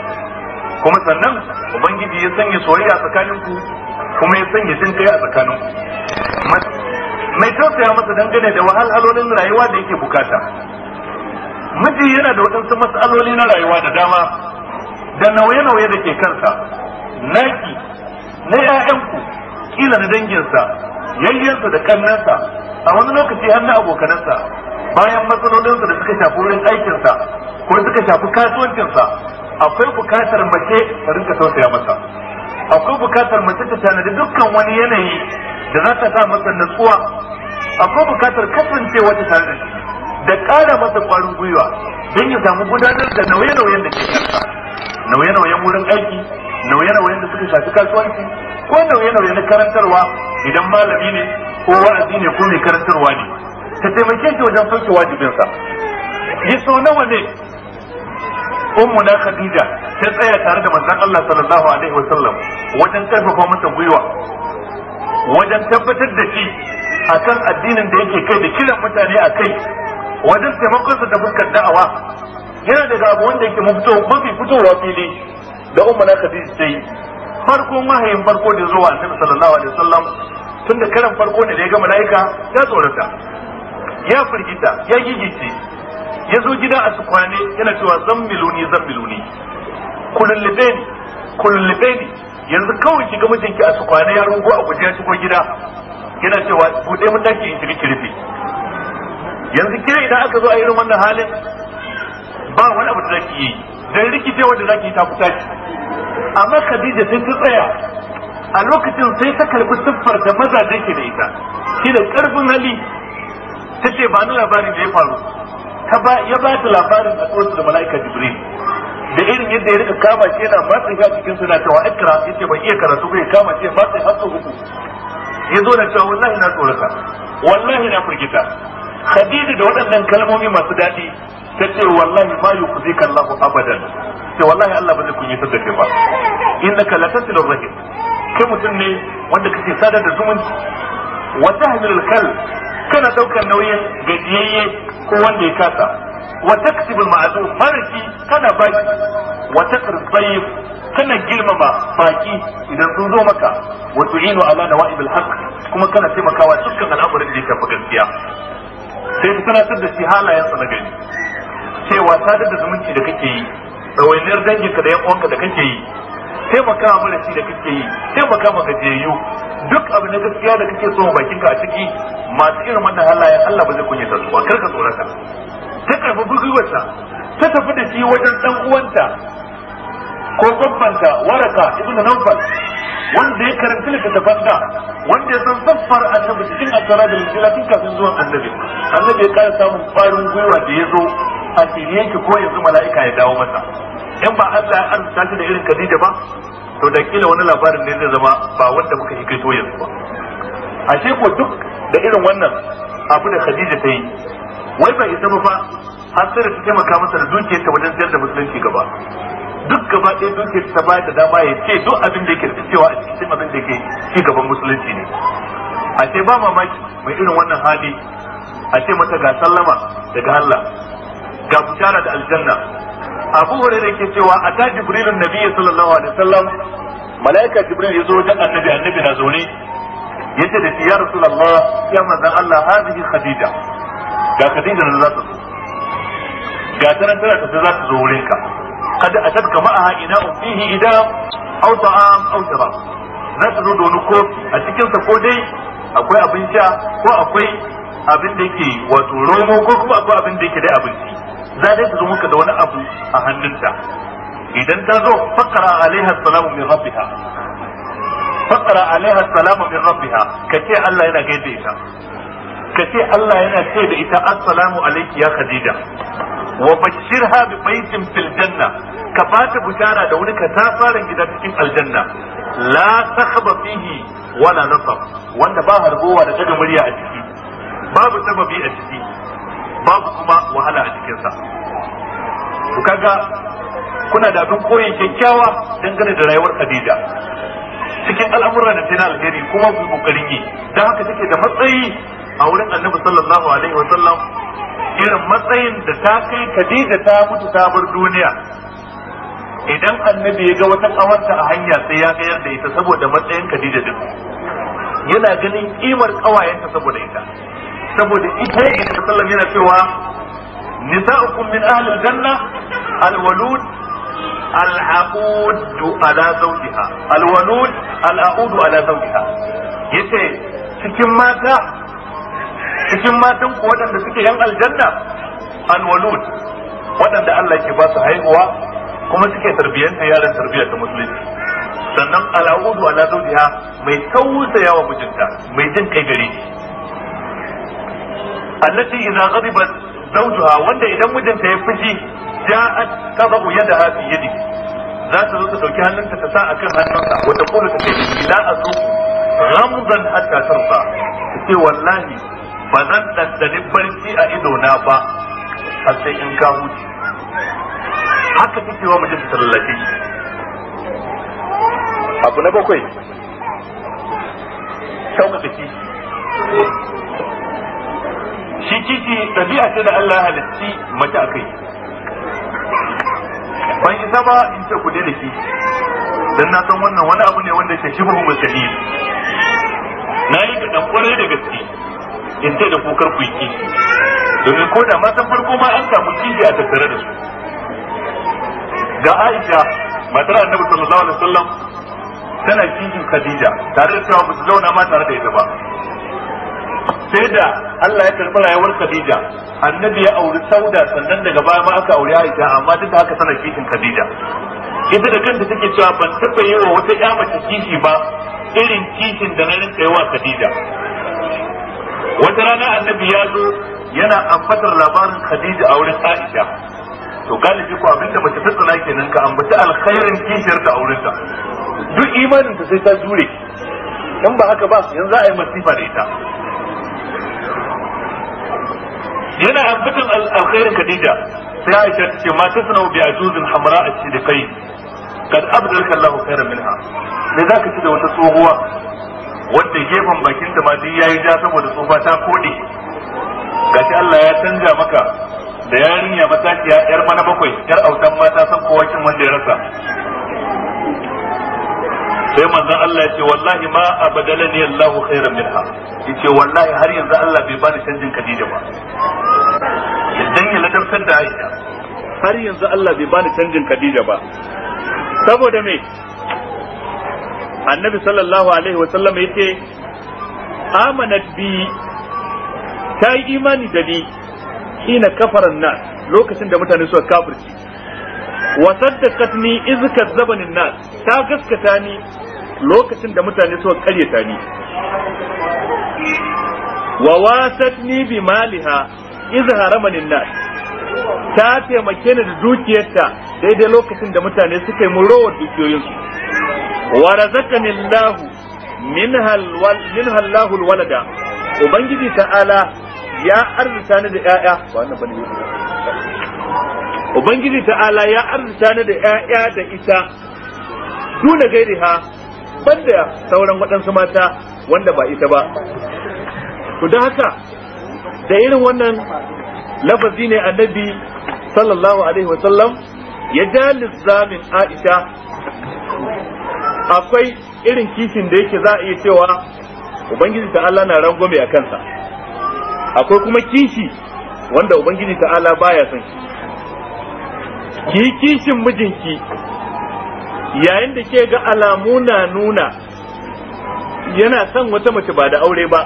kuma sannan ubangiji ya sanya soyayya tsakaninku kuma ya sanya jin kai a tsakaninku mai tausaya masa dangane da wahalhalolin rayuwa da yake bukata miji yana da waɗansu matsaloli na rayuwa da dama da nauye-nauye da ke kansa naki na 'ya'yanku kila na danginsa yayyansa da kannansa a wani lokaci har na abokanansa bayan matsalolinsa da suka shafi wurin aikinsa ko suka shafi kasuwancinsa akwai bukatar mace ta rinka tausaya masa akwai bukatar mace ta tanadi dukkan wani yanayi da za ta sa masa natsuwa akwai bukatar kasancewa wata tare da shi da ƙara masa ƙwarin gwiwa don ya samu gudanar da nauye-nauyen da ke kansa nauye-nauyen wurin aiki nauye-nauyen da suka shafi kasuwanci ko nauye-nauye na karantarwa idan malami ne ko wa'azi ne ko mai karantarwa ne ta taimake shi wajen sauke wajibinsa ya so nawa ne ummu na khadija ta tsaya tare da manzon Allah sallallahu alaihi wasallam wajen karfafa masa gwiwa wajen tabbatar da shi akan addinin da yake kai da kiran mutane a kai wajen taimakon sa da fuskar da'awa yana daga abu wanda yake mafito mafi fitowa fili da ummu na khadija ta yi farko mahayin farko da zuwa annabi sallallahu alaihi wasallam tun da karan farko ne da ya ga malaika ya tsorata ya firgita ya gigice ya zo gida a tukwane yana cewa zan miloni zan miloni Kullum lullube yanzu kawai shiga mijinki a tukwane ya rungo a guje ya shigo gida yana cewa bude mun daki in shiga kirfi yanzu kire idan aka zo a irin wannan halin ba wani abu da zaki yi dan rikice wanda zaki ta kuta ki amma Khadija sai ta tsaya a lokacin sai ta karbi siffar da mazaje ke da ita shi da karfin hali tace ba ni labarin da ya faru ya ba ta labarin a tsohon da mala'ika jibril da irin yadda ya rika kama shi yana matsa ya cikin suna cewa ikra yace ban iya karatu bai kama shi matsa har sau uku ya zo da cewa wallahi na tsorata wallahi na firgita khadija da waɗannan kalmomi masu daɗi ta ce wallahi ma yukhzika kallahu abadan ce wallahi Allah ba zai kunyatar da kai ba innaka latasilur rahim kai mutum ne wanda kake sadar da zumunci wata tahmilul kal kana daukar nauyin gajiyayye ko wanda ya kasa wa taksibul ma'zu farki kana baki wa taqrib kana girmama baki idan sun zo maka wa tu'inu ala nawa'ibil haqq kuma kana taimakawa dukkan al'amuran da ya gaskiya sai ta tunatar da shi halayensa na gani. cewa sadar da zumunci da kake yi ɗawainiyar danginka da yan uwanka da kake yi taimaka mana shi da kake yi taimaka maka jeyu duk abu na gaskiya da kake so bakin ka a ciki masu irin wannan halayen Allah ba zai ta su ba karka tsorata ta karfa gurgurwarsa ta tafi da shi wajen dan uwanta ko gobbanta waraka ibn nawfal wanda ya karanta littattafan da wanda ya san a annabi cikin asara da rijila tun kafin zuwan annabi annabi ya kara samun kwarin gwiwa da ya zo a shirye ko yanzu mala'ika ya dawo masa in ba Allah ya arzuta shi da irin Khadija ba to da kila wani labarin ne zai zama ba wanda muka yi kai yanzu ba ashe ko duk da irin wannan abu da Khadija ta yi wai ba isa ba har sai da ta taimaka masa da dukiyar ta wajen siyar da musulunci gaba duk gaba ɗaya dukiyar ta bayar da dama ya ce duk abin da yake da cewa a cikin abin da yake ci gaban musulunci ne A ce ba mamaki mai irin wannan hali a ce mata ga sallama daga Allah ga bishara da aljanna abu hurairah yake cewa ata jibrilun nabiy sallallahu alaihi wasallam malaika jibril zo wajen annabi annabi na zaune yace da ya rasulullah ya manzon Allah hadhihi khadija ga khadija nan za ta zo ga tana tana ta za ta zo wurin ka kad kama ma'aha ina'un fihi idam aw ta'am aw sharab za ta zo da wani kofi a cikin sa ko dai akwai abin sha ko akwai abin da yake wato romo ko kuma akwai abin da yake dai abinci za ta zo muka da wani abu a hannunta idan ta zo faqra alaiha salamu min rabbiha faqra alaiha salamu min rabbiha ce Allah yana gaida ita ka ce Allah yana ce da ita assalamu alayki ya khadija wa bashirha bi baitin fil janna ka bata bishara da wani katafaren gida cikin aljanna la takhba fihi wala nasab wanda ba harbowa da daga murya a ciki babu sababi a ciki babu kuma wahala a cikinsa ku kaga kuna da abin koyin kyakkyawa dangane da rayuwar Khadija cikin al'amuran da tana alheri kuma ku kokarin yi dan haka take da matsayi a wurin Annabi sallallahu alaihi wa sallam irin matsayin da ta kai Khadija ta mutu ta bar duniya idan annabi ya ga wata kawarta a hanya sai ya gayar da ita saboda matsayin Khadija din yana ganin kimar kawayenta saboda ita saboda ita ya isa sallam yana cewa nisa'ukum min ahli aljanna alwalud al'aqud ala zawjiha alwalud al'aqud ala zawjiha yace cikin mata cikin matan ku waɗanda suke yan aljanna alwalud waɗanda Allah ke ba su haihuwa kuma suke tarbiyyanta yaran tarbiyyar ta musulunci sannan al'a'udu ala zawjiha mai tausaya wa mijinta mai jin kai gare allati idza ghadibat zawjuha wanda idan mijinta ya fushi ja'at tabu yadaha fi yadi za ta zo ta dauki hannunta ta sa akan hannunsa wata kuma ta ce la azu ghamdan hatta tarda ce wallahi ba zan dandani barci a ido na ba har sai in ka huce haka take wa mijinta ta abu na bakwai sauƙaƙe ciki tabi'a ce da Allah halicci mace a kai ban isa ba in ce ku da ke, don na san wannan wani abu ne wanda ke kuma musali na yi da kwarai da gaske in ce da kukar ku yi domin ko da matan farko ma an samu ciki a tattare da su ga Aisha matar Annabi sallallahu alaihi wasallam tana cikin Khadija tare da cewa ba su zauna ma tare da ita ba sai da Allah ya karɓi rayuwar Khadija annabi ya auri Sauda sannan daga baya ma aka auri Aisha amma duk da haka tana kishin Khadija ita da kanta take cewa ban taɓa yi wa wata ƴa mace kishi ba irin kishin da na rinka yi wa Khadija wata rana annabi ya zo yana ambatar labarin Khadija a wurin Aisha to galibi ko abin mace ta tsana kenan ka ambaci alkhairin kishiyar ta auren ta duk imanin ta sai ta jure in ba haka ba yanzu za a yi masifa da ita yana ambatan alkhairin Khadija sai Aisha ta ce ma tasnau bi ajuzin hamra cikin kai kad abdul kallahu khairan minha sai zaka ci da wata tsohuwa wanda gefen bakin ta ma duk yayi ja saboda tsofa ta kode gashi Allah ya canja maka da yarinya matakiya yar mana bakwai yar autan mata san kowa kin wanda ya rasa sai manzon Allah ya ce wallahi ma abadalani Allah khairan minha yace wallahi har yanzu Allah bai bani canjin Khadija ba idan ya ladabtar da Aisha har yanzu Allah bai bani canjin Khadija ba saboda me annabi sallallahu alaihi wa sallam yace amanat bi ta yi imani da ni hina kafaran nan lokacin da mutane suka kafirci wa saddaqatni iz kazzabanin nas ta gaskata ni lokacin da mutane suka karyata ni wa wasatni bi maliha idh haramani nas ta taimake ni da dukiyarta daidai lokacin da mutane suka yi murowar dukiyoyinsu wa razaqani Allah minha Allah walada ubangiji ta'ala ya arzuta ni da ƴaƴa wannan bane ubangiji ta'ala ya arzuta ni da ƴaƴa da ita duna gairiha banda sauran waɗansu mata wanda ba ita ba ku da haka da irin wannan lafazi ne annabi sallallahu alaihi wasallam ya ja lissamin aisha akwai irin kishin da yake za a iya cewa ubangiji ta Allah na rangwame a kansa akwai kuma kishi wanda ubangiji ta Allah baya son ki kishin mijinki yayin da ke ga alamu na nuna yana son wata mace ba da aure ba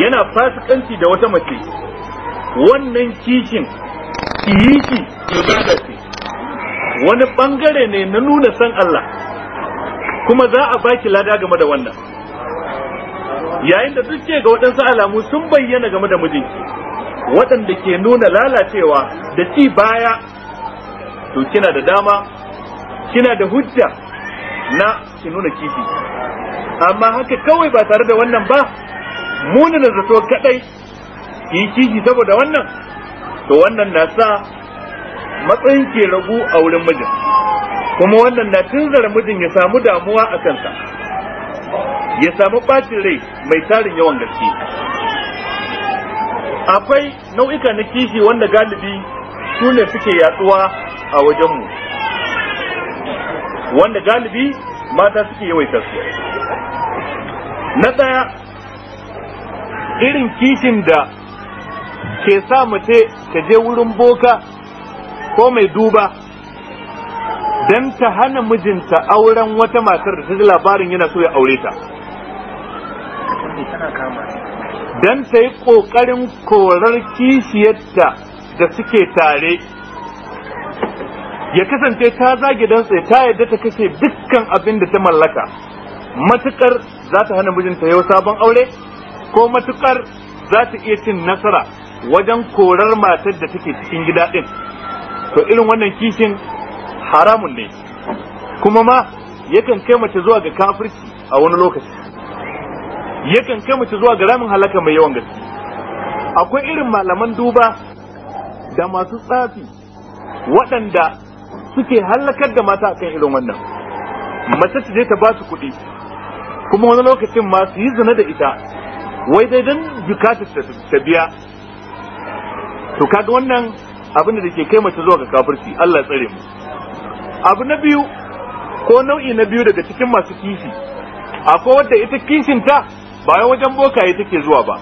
yana fasikanci da wata mace wannan kishin kiyishi da wani bangare ne na nuna san Allah kuma za a baki lada game da wannan yayin da duk ce ga waɗansu alamu sun bayyana game da mijinki waɗanda ke nuna lalacewa da ci baya to kina da dama kina da hujja na ki nuna kifi amma haka kawai ba tare da wannan ba muni na zato kadai yi kifi saboda wannan to wannan na sa matsayin ke ragu a wurin mijin kuma wannan na zara mijin ya samu damuwa a kansa ya samu bacin rai mai tarin yawan gaske akwai nau'ika na kifi wanda galibi su ne suke yatsuwa a wajenmu wanda galibi mata suke yawaita su na ɗaya irin kishin da ke sa mace ta je wurin boka ko mai duba don ta hana mijinta auren wata matar da ta ji labarin yana so ya aure ta don ta yi ƙoƙarin korar kishiyarta da suke tare ya kasance ta zage dan sai ta yadda ta kashe dukkan abin da ta mallaka matukar za ta hana mijinta yau sabon aure ko matukar za ta iya cin nasara wajen korar matar da take cikin gida din to irin wannan kishin haramun ne kuma ma yakan kai mace zuwa ga kafirci a wani lokaci yakan kai mace zuwa ga ramin halaka mai yawan gaske akwai irin malaman duba da masu tsafi waɗanda suke halakar da mata akan irin wannan mace ce je ta ba su kuɗi kuma wani lokacin ma su yi zina da ita wai dai don bukatar ta biya to kaga wannan abin da ke kai mace zuwa ga kafirci Allah ya tsare mu abu na biyu ko nau'i na biyu daga cikin masu kishi akwai wadda ita kishin ta, ba wajen bokaye take zuwa ba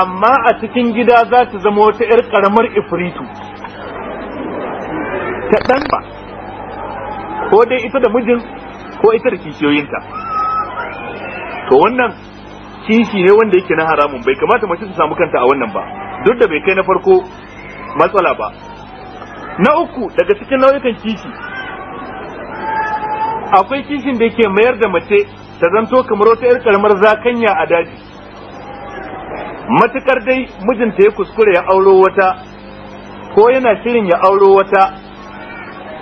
amma a cikin gida za ta zama wata 'yar karamar ifritu kaɗan ba ko dai ita da mijin ko ita da kishiyoyinta to wannan kishi ne wanda yake na haramun bai kamata mace ta samu kanta a wannan ba duk da bai kai na farko matsala ba na uku daga cikin nau'ikan kishi akwai kishin da yake mayar da mace ta zanto kamar wata 'yar karamar zakanya a daji matukar dai mijinta ya kuskure ya auro wata ko yana shirin ya auro wata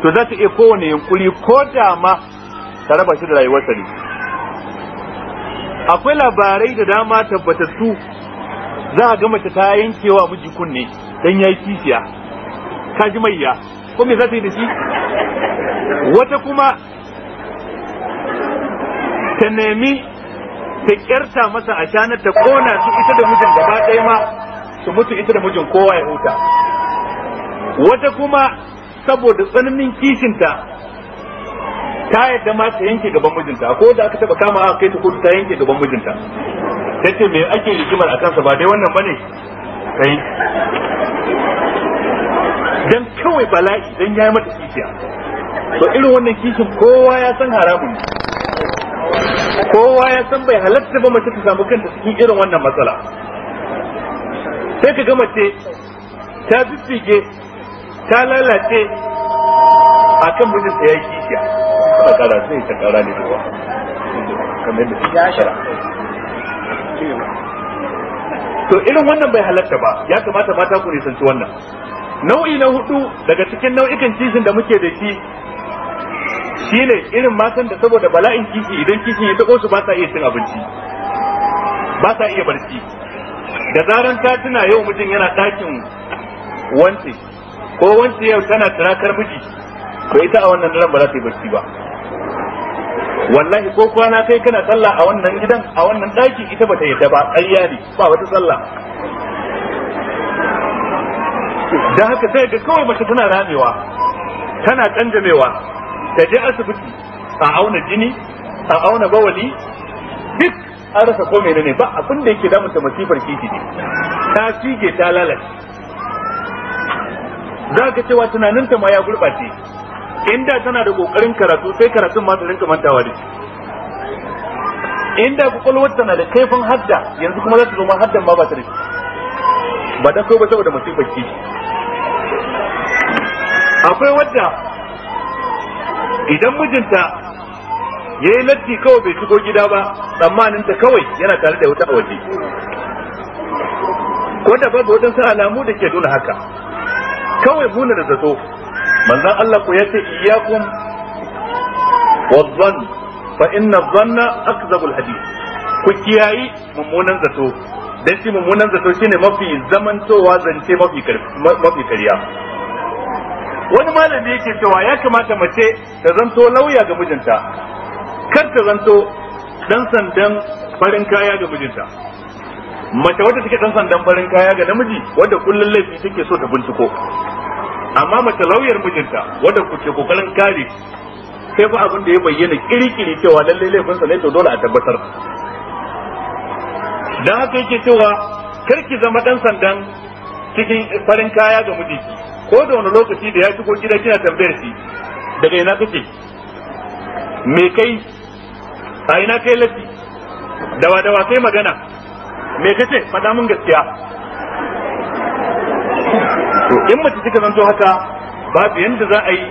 to za ta iya kowane yankuri ko da ma ta raba shi da rayuwarsa ne akwai labarai da dama tabbatattu za a gama mace ta yankewa miji kunne dan yayi kishiya ka ji maiya ko me za ta yi da shi wata kuma ta nemi ta kyarta masa a shanar ta kona su ita da mijin gaba ɗaya ma su mutu ita da mijin kowa ya huta wata kuma saboda tsananin kishinta ta yadda ma ta yanke gaban mijinta ko da aka taba kama aka kai ta kotu ta yanke gaban mijinta ta ce me ake rigimar a kansa ba dai wannan bane sai dan kawai bala'i dan yayi mata kishiya to irin wannan kishin kowa ya san haramun kowa ya san bai halatta ba mace ta samu kanta cikin irin wannan matsala sai ka ga mace ta bibbige ta lalace akan mijin ya yi kishiya kana kara sai yi takara ne kuwa kamar da ya shara to irin wannan bai halatta ba ya kamata mata ku nisanci wannan nau'i na hudu daga cikin nau'ikan kishin da muke da shi shine irin matan da saboda bala'in kishi idan kishin ya tabo su ba sa iya cin abinci ba sa iya barci da zaran ta tuna yau mijin yana ɗakin wancan. ko wance yau tana tunakar miji to ita a wannan daren ba za ta yi barci ba wallahi ko kwana kai kana sallah a wannan gidan a wannan daki ita ba ta yadda ba ƙarya ne ba wata sallah da haka sai ga kawai mace tana ramewa tana kanjamewa ta je asibiti a auna jini a auna bawali duk an rasa ko menene ba abin da yake damunta masifar kiki ne ta shige ta lalace za ka cewa tunaninta ma ya gurɓace inda tana da kokarin karatu sai karatun ma ta rinka mantawa da shi inda kwakwalwar tana da kaifin hadda yanzu kuma za ta zo ma haddan ma ba ta da ba ta kai ba saboda musibar ki akwai wadda idan mijinta ya yi latti kawai bai shigo gida ba tsammanin ta kawai yana tare da wata a waje ko da babu sa alamu da ke nuna haka kawai muna da zato manzon Allah ku yace iyakun wadhann fa inna dhanna akdhabul hadith ku kiyayi mummunan zato dan shi mummunan zato shine mafi zamantowa zance mafi mafi kariya wani malami yake cewa ya kamata mace ta zanto lauya ga mijinta kar ta zanto dan sandan farin kaya ga mijinta mace wata take dan sandan barin kaya ga namiji wadda kullun laifi take so ta binciko amma mace lauyar mijinta wadda kuke kokarin kare sai fa abin da ya bayyana kirikiri cewa lalle laifin sa ne to dole a tabbatar dan haka yake cewa karki zama dan sandan cikin farin kaya ga miji ko da wani lokaci da ya shigo gida kina tambayar shi daga ina kake me kai a ina kai lafi dawa dawa kai magana me kace faɗa mun gaskiya to in mace kika zanto haka babu yanda za a yi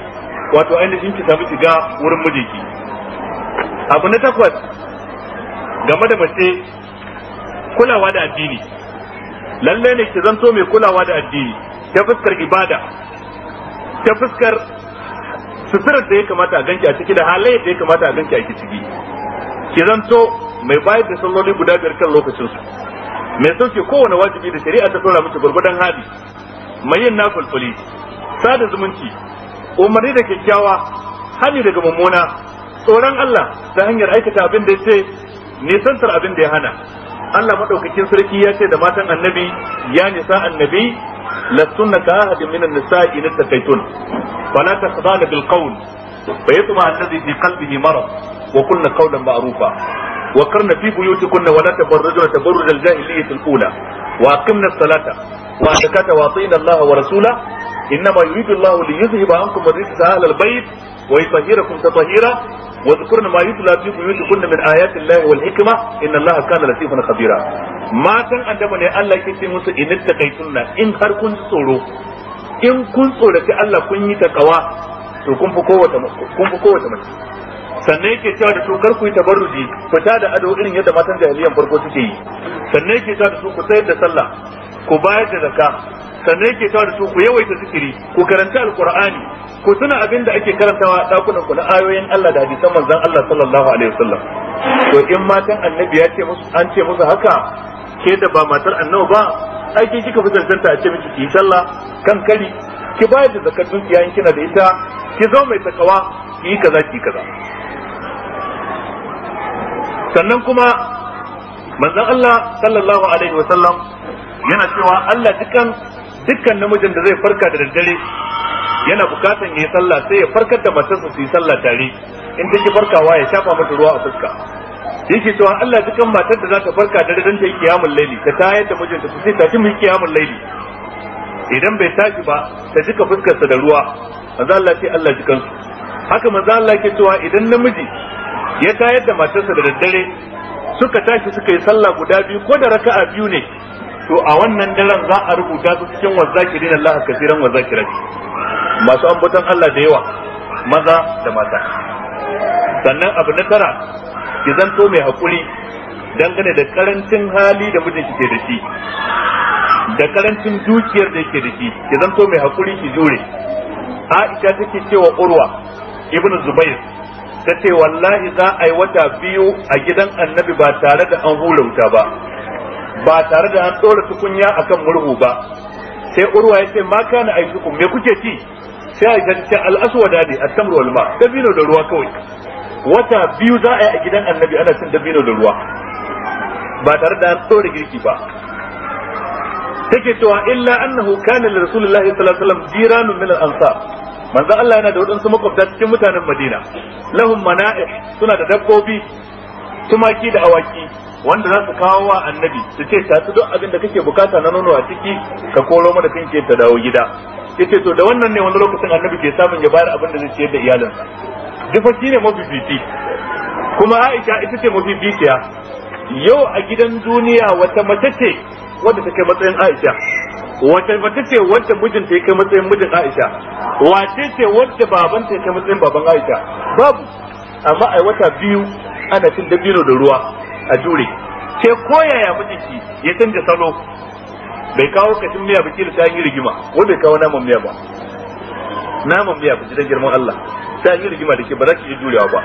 wato ainihin ki samu shiga wurin mijinki abu na takwas game da mace kulawa da addini lallai ne ki zanto mai kulawa da addini ta fuskar ibada ta fuskar suturar da ya kamata a ganki a ciki da halaye da ya kamata a ganki a ciki ki zanto mai bayar da salloli guda biyar kan lokacinsu mai sauke kowane wajibi da shari'a ta tsora miki gurgudan hadi mai yin nafulfuli sada zumunci umarni da kyakkyawa hani daga mummuna tsoron Allah ta hanyar aikata abin da ya ce nisantar abin da ya hana Allah madaukakin sarki ya ce da matan annabi ya nisa annabi lastunna ka ahadin minan nisa'i na takaitun fala taqdana bil qawl ne mara في قلبه مرض kunna قولا rufa. وقرن في بيوتكن ولا تبرجن تبرج الجاهلية الأولى وأقمنا الصلاة وأتكات وأطينا الله ورسوله إنما يريد الله ليذهب عنكم الرجس أهل البيت ويطهركم تطهيرا واذكرن ما يتلى في بيوتكن من آيات الله والحكمة إن الله كان لطيفا خبيرا ما كان عندما الله يكتب موسى إن اتقيتن إن هر كنت صورو إن كنت صورك الله كن يتقوى to kun fi kowace mace sannan yake cewa da su kar ku yi tabarruji fita da ado irin yadda matan jahiliyan farko suke yi sannan yake cewa da su ku sayar da sallah ku bayar da zakka sannan yake cewa da su ku yawaita zikiri ku karanta alqur'ani ku tuna abin da ake karantawa a dakunan ku na ayoyin Allah da hadisan manzon Allah sallallahu alaihi wasallam to in matan annabi ya ce musu an ce musu haka ke da ba matar annabi ba aiki kika fi zantanta a ce miki ki sallah kan kari ki bayar da zakatun kiyayen kina da ita ki zo mai takawa ki yi kaza ki kaza sannan kuma manzan Allah sallallahu alaihi wa sallam yana cewa Allah dukan dukkan namijin da zai farka da daddare yana bukatan yi sallah sai ya farkar da matarsa su yi sallah tare in ta ki farkawa ya shafa mata ruwa a fuska yake cewa Allah dukan matar da za ta farka da daddare ta yi kiyamul laili ta tayar da mijinta su sai ta ki mu kiyamul laili idan bai tashi ba ta jika fuskarsa da ruwa manzan Allah sai Allah jikansu haka manzan Allah ke cewa idan namiji ya tayar da matarsa da daddare suka tashi suka yi sallah guda biyu ko da raka'a biyu ne to a wannan daren za a rubuta su cikin wazakirin Allah kasiran wazakirat masu ambaton Allah da yawa maza da mata sannan abu na tara ki zanto mai hakuri dangane da karancin hali da mutum ke da shi da karancin dukiyar da yake da shi ki zanto mai hakuri ki jure Aisha take cewa Urwa ibn Zubair ta ce wallahi za a yi wata biyu a gidan annabi ba tare da an hula wuta ba ba tare da an ɗora tukunya akan murhu ba sai urwa ya ce ma kana aikukum me kuke ci sai a ce al-aswada ne a tamru wal ma dabino da ruwa kawai wata biyu za a yi a gidan annabi ana cin dabino da ruwa ba tare da an tsora girki ba take cewa illa annahu kana lirrasulillahi sallallahu alaihi wasallam jiranun min al-ansar manzon Allah yana da waɗansu makwabta cikin mutanen Madina lahum mana'i suna da dabbobi tumaki da awaki wanda za su kawo wa annabi su ce ta duk abin da kake bukata na nono a ciki ka koro mana kanke ta dawo gida yace to da wannan ne wani lokacin annabi ke samun ya bayar abin da zai ciyar da iyalinsa dufa shine mafifici kuma Aisha ita ce mafi mafificiya yau a gidan duniya wata mace ce wadda ta kai matsayin Aisha wata mace ce wadda mijinta ya kai matsayin mijin Aisha wace ce wadda babanta ya kai matsayin baban Aisha babu amma ai wata biyu ana cin dabino da ruwa a jure sai koyaya mijinki ya canja salo bai kawo kashin miya ba kila ta yi rigima ko bai kawo naman miya ba naman miya ba gidan girman Allah ta yi rigima da ke ba za ki iya jurewa ba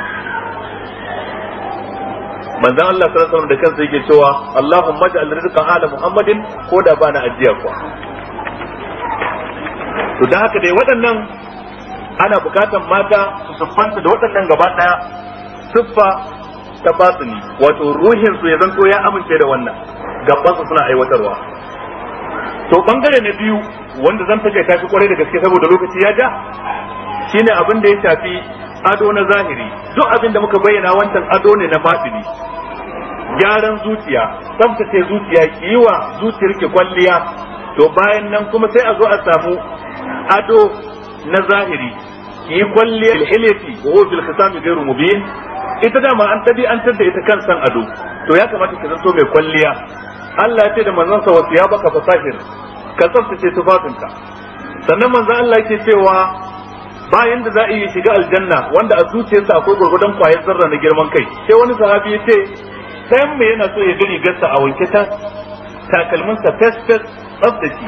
manzon Allah sallallahu alaihi wasallam da kansa yake cewa Allahumma ja'al rizqa ala Muhammadin ko da bana ajiya kuwa to da haka dai waɗannan ana bukatan mata su siffanta da waɗannan gaba daya siffa ta batini wato ruhin su ya zanto ya amince da wannan gaban su suna aiwatarwa to bangare na biyu wanda zan take tafi kwarai da gaske saboda lokaci ya ja shine abin da ya shafi ado na zahiri duk abin da muka bayyana wancan ado ne na batini gyaran zuciya tsaftace zuciya wa zuciyar ki kwalliya to bayan nan kuma sai a zo a samu ado na zahiri ki kwalliya hilati wa huwa fil khisam mubin ita dama an tabi an tada ita kan san ado to ya kamata ki zanto mai kwalliya Allah ya ce da manzon sa wasu ya baka fasahir ka tsaftace tufafinka sannan manzon Allah yake cewa bayan da za a yi shiga aljanna wanda a zuciyarsa akwai gurgurdan kwayar zarra na girman kai sai wani sahabi ya ce sayan mu yana so ya gani gasa a wanke ta takalminsa fes fes tsaftace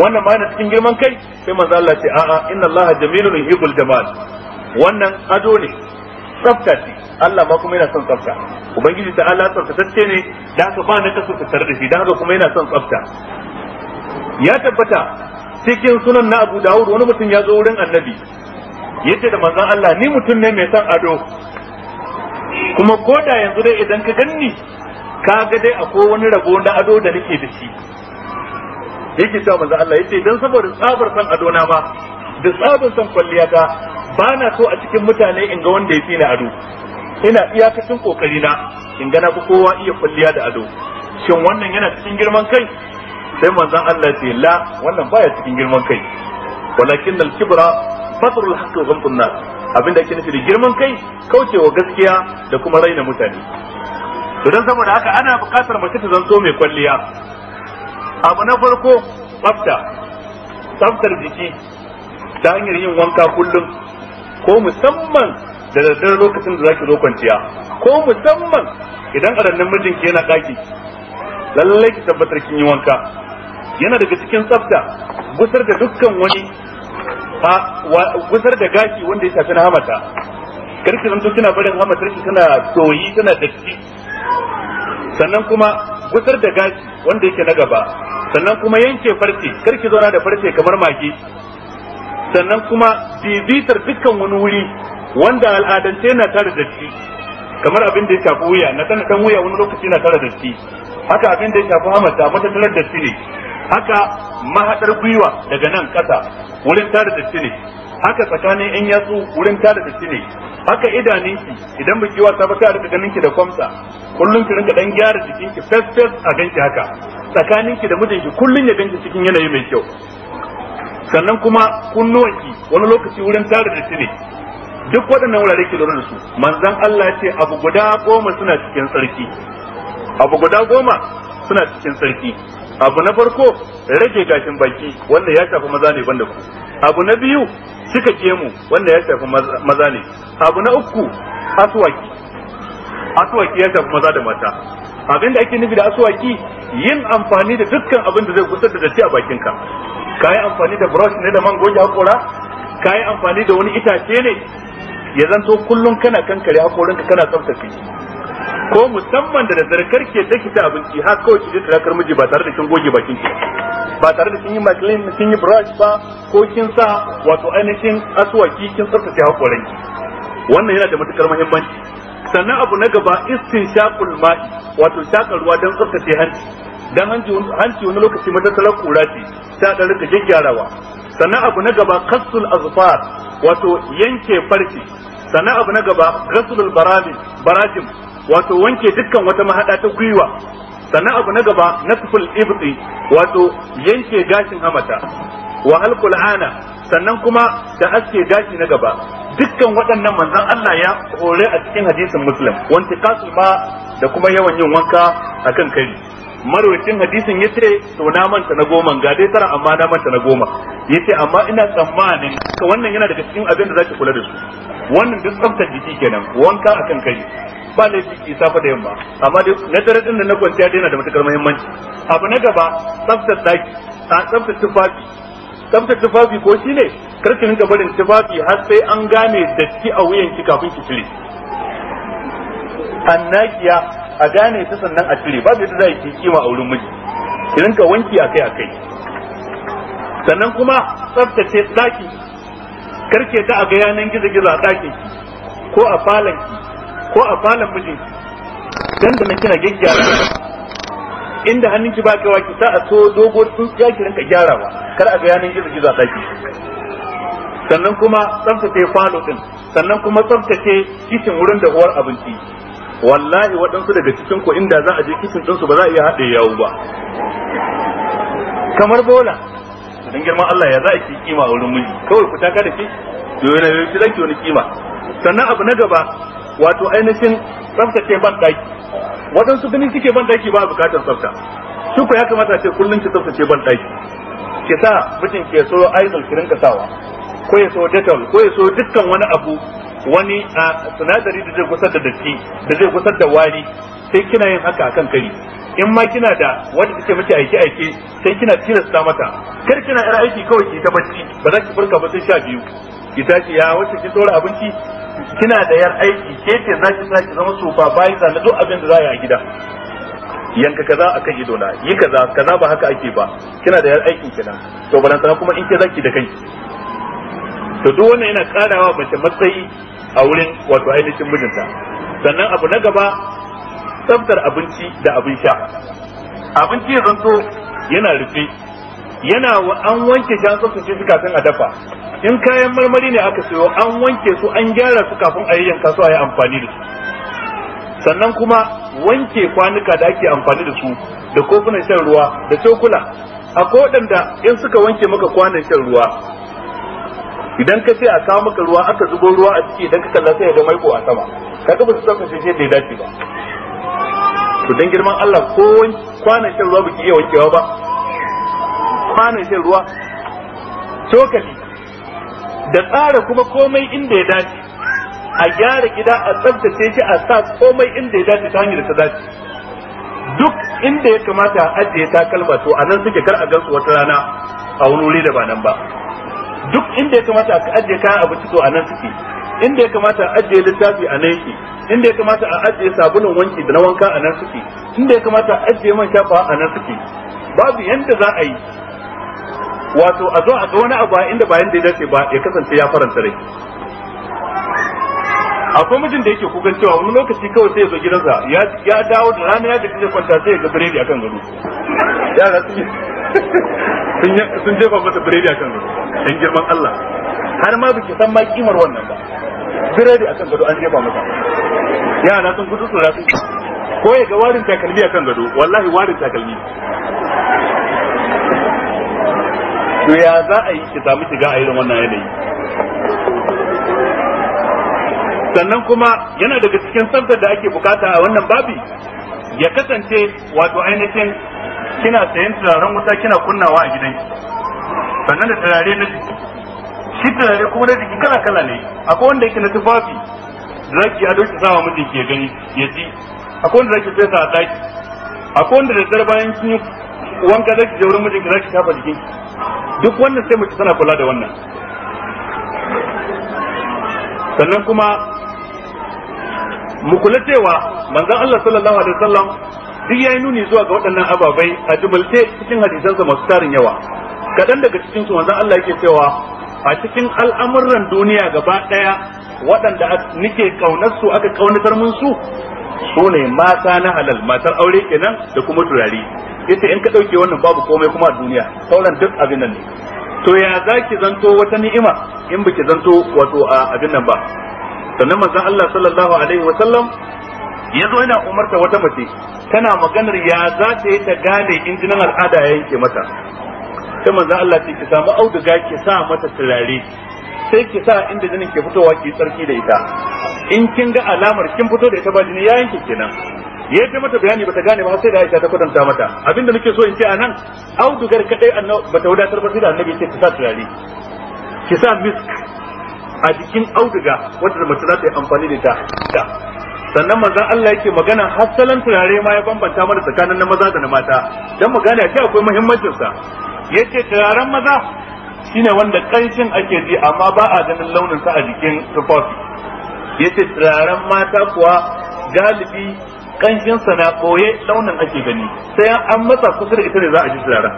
wannan ma yana cikin girman kai sai manzo Allah ce a'a inna Allah jamilun yuhibbul jamal wannan ado ne tsafta ce Allah ma kuma yana son tsafta ubangiji ta Allah tsaftatacce ne da haka ba na kaso tsaftar da shi da haka kuma yana son tsafta ya tabbata cikin sunan na Abu Dawud wani mutum ya zo wurin Annabi yace da manzo Allah ni mutum ne mai son ado kuma koda yanzu dai idan ka ganni ka ga dai akwai wani rabo na ado da nake da shi yake cewa manzo Allah yace dan saboda tsabar san ado na ba da tsabar san kwalliya ka ba na so a cikin mutane in ga wanda ya fi na ado ina iyakacin kokari na in ga na kowa iya kwalliya da ado shin wannan yana cikin girman kai sai manzon Allah ce la wannan baya cikin girman kai walakin al-kibra fatrul haqqi wa ghamtun nas abin da ake nufi da girman kai kaucewa gaskiya da kuma raina mutane to dan saboda haka ana buƙatar mace ta zanto mai kwalliya abu na farko tsafta tsaftar jiki ta hanyar yin wanka kullum ko musamman da daddare lokacin da zaki zo kwanciya ko musamman idan arannin mijinki yana ɗaki lallai ki tabbatar kin yi wanka yana daga cikin tsafta gusar da dukkan wani gusar da gashi wanda ya shafi na hamata karki zanto kina barin hamatar ki tana soyi tana datti sannan kuma gusar da gashi wanda yake na gaba sannan kuma yanke farce karki zauna da farce kamar maki sannan kuma bibitar dukkan wani wuri wanda al'adance na tare datti kamar abin da ya shafi wuya na sanatan wuya wani lokaci na tare datti haka abin da ya shafi hamata da datti ne haka mahadar gwiwa daga nan kasa wurin tare da ne haka tsakanin yan yatsu wurin tare da ne haka idaninki idan baki wasa ba ta rika ganinki da kwamsa kullum ki rinka dan gyara jikinki fes fes a ganki haka tsakaninki da mijinki kullum ya ganki cikin yanayi mai kyau sannan kuma kunnuwanki wani lokaci wurin tare da ne duk waɗannan wurare ke lura da su manzon Allah ya ce abu guda goma suna cikin sarki abu guda goma suna cikin sarki abu na farko rage gashin baki wanda ya shafi maza ne banda ku abu na biyu cika kemu wanda ya shafi maza ne abu na uku aswaki aswaki ya shafi maza da mata abin da ake nufi da aswaki yin amfani da dukkan abin da zai gusar da datti a bakinka ka yi amfani da brush ne da man goge hakora ka yi amfani da wani itace ne ya zanto kullum kana kankare hakorinka kana tsaftace ko musamman da zarkar ke da ki ta abinci har kawai ki je turakar miji ba tare da kin goge bakin ki ba tare da kin yi maklin kin yi brush ba ko kin sa wato ainihin aswaki kin tsaftace hakoran ki wannan yana da matukar muhimmanci sannan abu na gaba istinshaqul ma'i wato shakar ruwa don tsaftace hanci dan hanci wani lokaci matattalar kura ce ta da rika gyaggyarawa sannan abu na gaba kassul azfar wato yanke farce sannan abu na gaba rasulul barajim barajim wato wanke dukkan wata mahada ta gwiwa sannan abu na gaba na tuful ibti wato yanke gashin hamata wa halqul ana sannan kuma da aske gashi na gaba dukkan waɗannan manzan Allah ya kore a cikin hadisin muslim wanti kasul ma da kuma yawan yin wanka akan kari marwacin hadisin ya ce to na manta na goma ga dai tara amma na manta na goma ya ce amma ina tsammanin ka wannan yana daga cikin abin da zaki kula da su wannan duk tsaftar jiki kenan wanka akan kai ba laifi ki safa da yamma amma dai na dare din na kwanciya dai yana da matukar muhimmanci abu na gaba tsaftar daki a tsaftar tufafi tsaftar tufafi ko shi kar ki rinka barin tufafi har sai an gane datti a wuyan ki kafin ki cire nakiya a gane ta sannan a cire babu da za ki kima a wurin miji ki rinka wanki akai akai sannan kuma tsaftace daki karke ta a ga yanan gizo-gizo a ɗakin ki ko a falon ki ko a falon miji dan da na gyaggyara inda hannunki ba kaiwa ki sa a so dogo tsuntsiya ki gyara gyarawa kar a ga yanan gizo gizo a daki sannan kuma tsaftace falo din sannan kuma tsaftace kicin wurin da huwar abinci wallahi waɗansu daga cikin ku inda za a je kicin ɗinsu ba za a iya haɗe yawo ba kamar bola don girman Allah ya za a ki kima wurin miji kawai ku taka da ki to yana yi shi ki wani kima sannan abu na gaba wato ainihin tsaftace ban daki waɗansu ganin suke ban daki ba bukatar tsafta su ya kamata ce kullum ki tsaftace ban daki ki sa mutum ke so idol ki rinka sawa ko ya so detol ko ya so dukkan wani abu wani a sinadari da zai gusar da datti da zai gusar da wari sai kina yin haka akan kari in ma kina da wanda kike miki aiki aiki sai kina tilasta mata kar kina yar aiki kawai ki ta bacci ba za ki furka ba sai sha biyu ki tashi ya wacce ki tsora abinci kina da yar aiki ke ce za ki sake zama supervisor na duk abin da za a gida yanka kaza a kan ido na yi kaza kaza ba haka ake ba kina da yar aikin kina to balantana kuma in ke ki da kai to duk wannan yana karawa mace matsayi a wurin wato ainihin mijinta sannan abu na gaba tsaftar abinci da abin sha abinci ya zanto yana rufe yana an wanke shi an tsaftace shi kafin a dafa in kayan marmari ne aka sayo an wanke su an gyara su kafin a yi yanka su a yi amfani da su sannan kuma wanke kwanuka da ake amfani da su da kofunan shan ruwa da cokula a waɗanda in suka wanke maka kwanan shan ruwa idan ka ce a kawo maka ruwa aka zubo ruwa a ciki idan ka kalla sai ga maiko a sama ga ba su tsaftace shi da ya dace ba to dan girman Allah ko kwanan shan ruwa baki iya wankewa ba amanan shi ruwa cokali da tsara kuma komai inda ya dace a gyara gida a tsabtace shi a sa komai inda ya dace ta hanyar ta dace duk inda ya kamata a ajiye takalma to a nan suke kar a gansu wata rana a wani wuri da ba nan ba duk inda ya kamata a ajiye kayan abinci to a nan suke inda ya kamata a ajiye littafi a nan yake inda ya kamata a ajiye sabulun wanki da na wanka a nan suke inda ya kamata a ajiye man shafa a nan suke babu yanda za a yi wato a zo a ga wani abu inda ba yanda ya dace ba ya kasance ya faranta rai akwai mijin da yake kukan cewa wani lokaci kawai sai ya zo gidansa ya dawo da rana ya gaji zai kwanta sai ya ga biredi kan gado yara sun jefa masa biredi kan gado in girman Allah har ma biki san ma kimar wannan ba biredi kan gado an jefa masa yara sun gudu su rasu ko ya ga warin takalmi kan gado wallahi warin takalmi to ya za a yi ki samu shiga a irin wannan yanayi sannan kuma yana daga cikin tsaftar da ake bukata a wannan babi ya kasance wato ainihin kina sayan turaren wuta kina kunnawa a gidan. sannan da turare na jiki shi turare kuma na jiki kala kala ne akwai wanda yake na tufafi zaki ado ki sawa mutum ke gani ya ci akwai wanda zaki fesa a daki akwai wanda da bayan kin wanka zaki je wurin ka zai shafa jikin duk wannan sai mace tana kula da wannan sannan kuma mu kula cewa manzon Allah sallallahu alaihi wasallam duk yayi nuni zuwa ga waɗannan ababai a jumalce cikin hadisansa masu tarin yawa kaɗan daga cikin su manzon Allah yake cewa a cikin al'amuran duniya gaba ɗaya waɗanda nike kaunar su aka ƙaunatar mun su su ne mata na halal matar aure kenan da kuma turare Ita in ka ɗauke wannan babu komai kuma a duniya sauran duk abin nan ne to ya za ki zanto wata ni'ima in ki zanto wato a abin nan ba sannan manzon Allah sallallahu alaihi wa sallam ya zo yana umarta wata mace tana maganar ya za ta yi ta gane injinan al'ada ya yanke mata sai manzo Allah ce ki samu auduga ki sa mata turare sai ki sa inda jinin ke fitowa ki tsarki da ita in kin ga alamar kin fito da ita ba jini ya yanke kenan ya mata bayani bata gane ba sai da Aisha ta kwatanta mata abinda nake so in ce anan audugar kadai annabi bata wadatar ba sai da annabi ya ce ki sa turare ki sa misk a jikin auduga wanda mace za ta yi amfani da ita sannan manzon Allah yake magana hassalan turare ma ya bambanta mana tsakanin na maza da na mata dan magana ce akwai muhimmancin sa yace turaren maza shine wanda kanshin ake ji amma ba a ganin launin sa a jikin tufafi yace turaren mata kuwa galibi kanshin sa na boye launin ake gani sai an masa kusa da ita ne za a ji turaren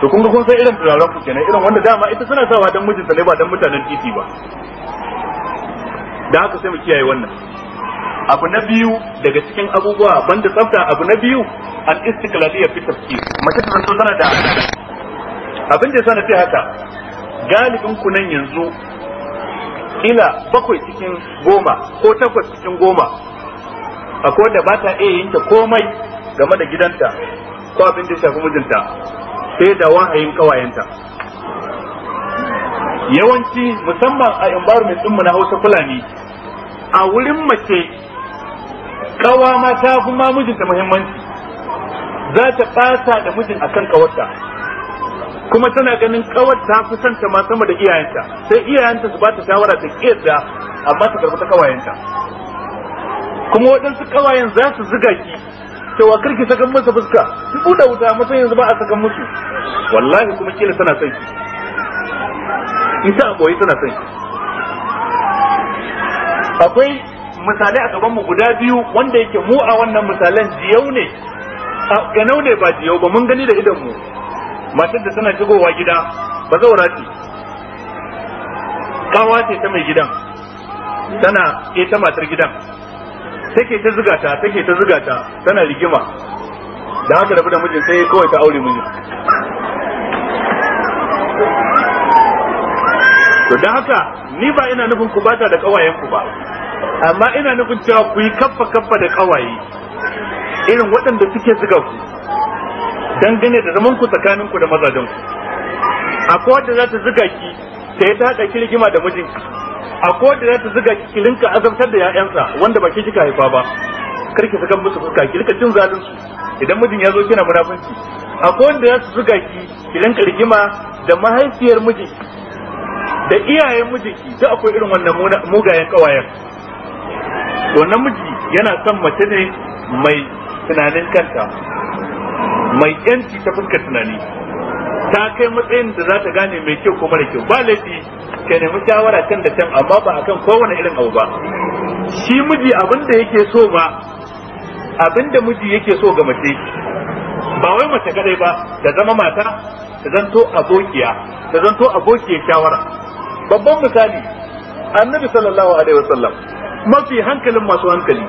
to kun ga kun san irin turaren ku kenan irin wanda dama ita suna sawa dan sa ne ba dan mutanen titi ba da haka sai mu kiyaye wannan abu na biyu daga cikin abubuwa banda tsafta abu na biyu al istiqlaliyya fi tafsir mace ta zanto tana da abin da sana na ce haka galibin ku nan yanzu ila bakwai cikin goma ko takwas cikin goma akwai wanda ba ta iya yinta komai game da gidanta ko abin da shafi mijinta sai da wahayin kawayenta yawanci musamman a environment ɗinmu na hausa fulani a wurin mace kawa ma ta fi ma mijinta muhimmanci za ta ɓata da mijin akan kawarta kuma tana ganin kawar ta fi ma sama da iyayenta sai iyayenta su ba ta shawara ta kiyarda amma ta karbi ta kawayenta kuma waɗansu kawayen za su ziga ki cewa karki sakan masa fuska ki buɗe wuta musu, yanzu ba a sakan musu wallahi kuma kila tana son ki ita a boye tana son ki akwai misalai a gaban mu guda biyu wanda yake mu a wannan misalan jiyau ne ganau ne ba jiyau ba mun gani da idan mu matar da suna shigowa gida ba zaura ce kawa ce ta mai gidan tana ta matar gidan take ta zuga ta take ta zuga ta tana rigima da haka rabu da mijin sai kawai ta aure mini. to da haka ni ba ina nufin ku bata da kawayen ku ba amma ina nufin cewa ku yi kaffa kaffa da kawaye irin waɗanda suke zuga ku dangane da zaman ku tsakanin ku da mazajen ku akwai wanda za ta zuga ki ta yi ta haɗa kirgima da mijinki akwai wanda za ta zuga ki kilinka azabtar da 'ya'yansa wanda ba ki kika haifa ba karki saka musu fuska ki rika cin zalin su idan mijin ya zo kina munafunci akwai wanda za zuga ki ki rigima da mahaifiyar mijinki da iyayen mijinki da akwai irin wannan mugayen kawayen wannan miji yana son mace ne mai tunanin kanta mai yanci ta fuskar tunani ta kai matsayin da za ta gane mai kyau ko mara kyau ba laifi ka nemi shawara kan da can amma ba akan kowane irin abu ba shi miji abin da yake so ba abin da miji yake so ga mace ba wai mace kadai ba ta zama mata ta zanto abokiya ta zanto abokiya shawara babban misali annabi sallallahu alaihi wasallam mafi hankalin masu hankali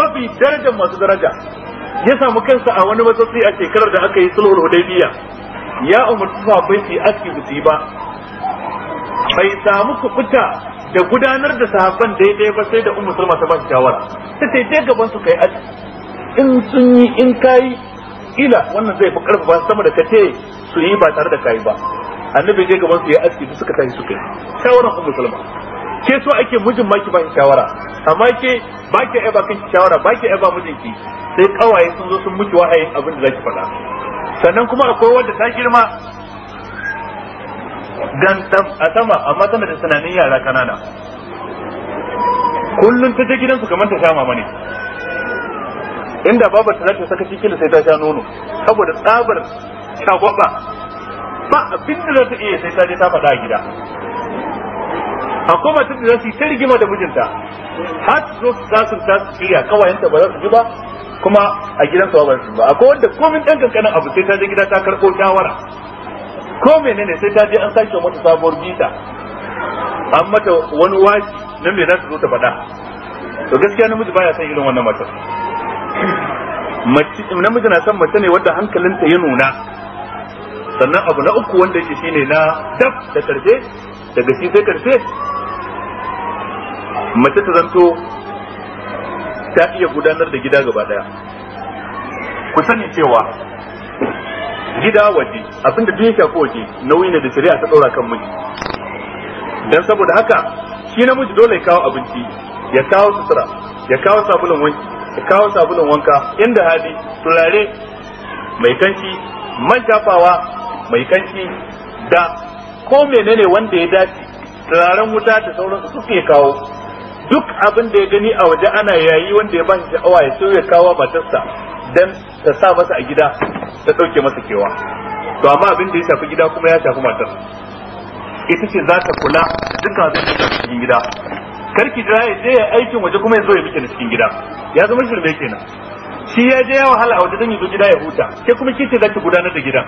mafi darajar masu daraja ya samu kansa a wani matsatsi a shekarar da aka yi sulhul hudaybiya ya umurtu sahabbai su yi aski su yi ba bai samu kubuta da gudanar da sahabban daidai ba sai da ummu salma ta ba su shawara ta ce je gaban su kai aski in sun yi in kai ila wannan zai fi karfafa sama da kace su yi ba tare da kai ba annabi dai gaban su yi aski su suka tashi su yi shawaran ummu salma ke so ake mijin ma ki ba ki shawara amma ke ba ki ba kanki shawara ba ki ba ki sai kawaye sun zo sun miki wahayin abin da zaki faɗa sannan kuma akwai wanda ta girma dan a sama amma tana da tunanin yara kanana kullun ta je gidansu kamar ta sha mama ne inda baba ta zata saka cikin sai ta sha nono saboda tsabar gwaba ba abin da za ta iya sai ta je ta faɗa a gida akwai matar da za su yi ta rigima da mijinta har su zo za su ta su shirya kawayenta ba za su ji ba kuma a gidan ba su ba akwai wanda komin ɗan kankanin abu sai ta je gida ta karɓo shawara ko menene sai ta je an sake mata sabuwar bita an mata wani waji na me za su zo ta faɗa to gaskiya namiji baya son irin wannan matar namiji na son mace ne wadda hankalinta ya nuna sannan abu na uku wanda yake shine na daf da karfe daga shi sai karfe mace ta zanto ta iya gudanar da gida gaba daya ku sani cewa gida waje abin da duniya shafi waje nauyi ne da shari'a ta daura kan miji dan saboda haka shi namiji dole ya kawo abinci ya kawo sutura ya kawo sabulun wanki ya kawo sabulun wanka inda hali turare mai kanci man shafawa mai kanci da ko menene wanda ya dace turaren wuta da sauransu suke kawo duk abin da ya gani a waje ana yayi wanda ya bashi sha'awa ya sauya ya kawo matarsa dan ta sa masa a gida ta ɗauke masa kewa to amma abin da ya shafi gida kuma ya shafi matar ita ce za ta kula dukkan abin da ya cikin gida karki da ya je ya aikin waje kuma ya zo ya miki na cikin gida ya zama shirme kenan shi ya je ya wahala a waje don ya zo gida ya huta ke kuma ce za ki gudanar da gidan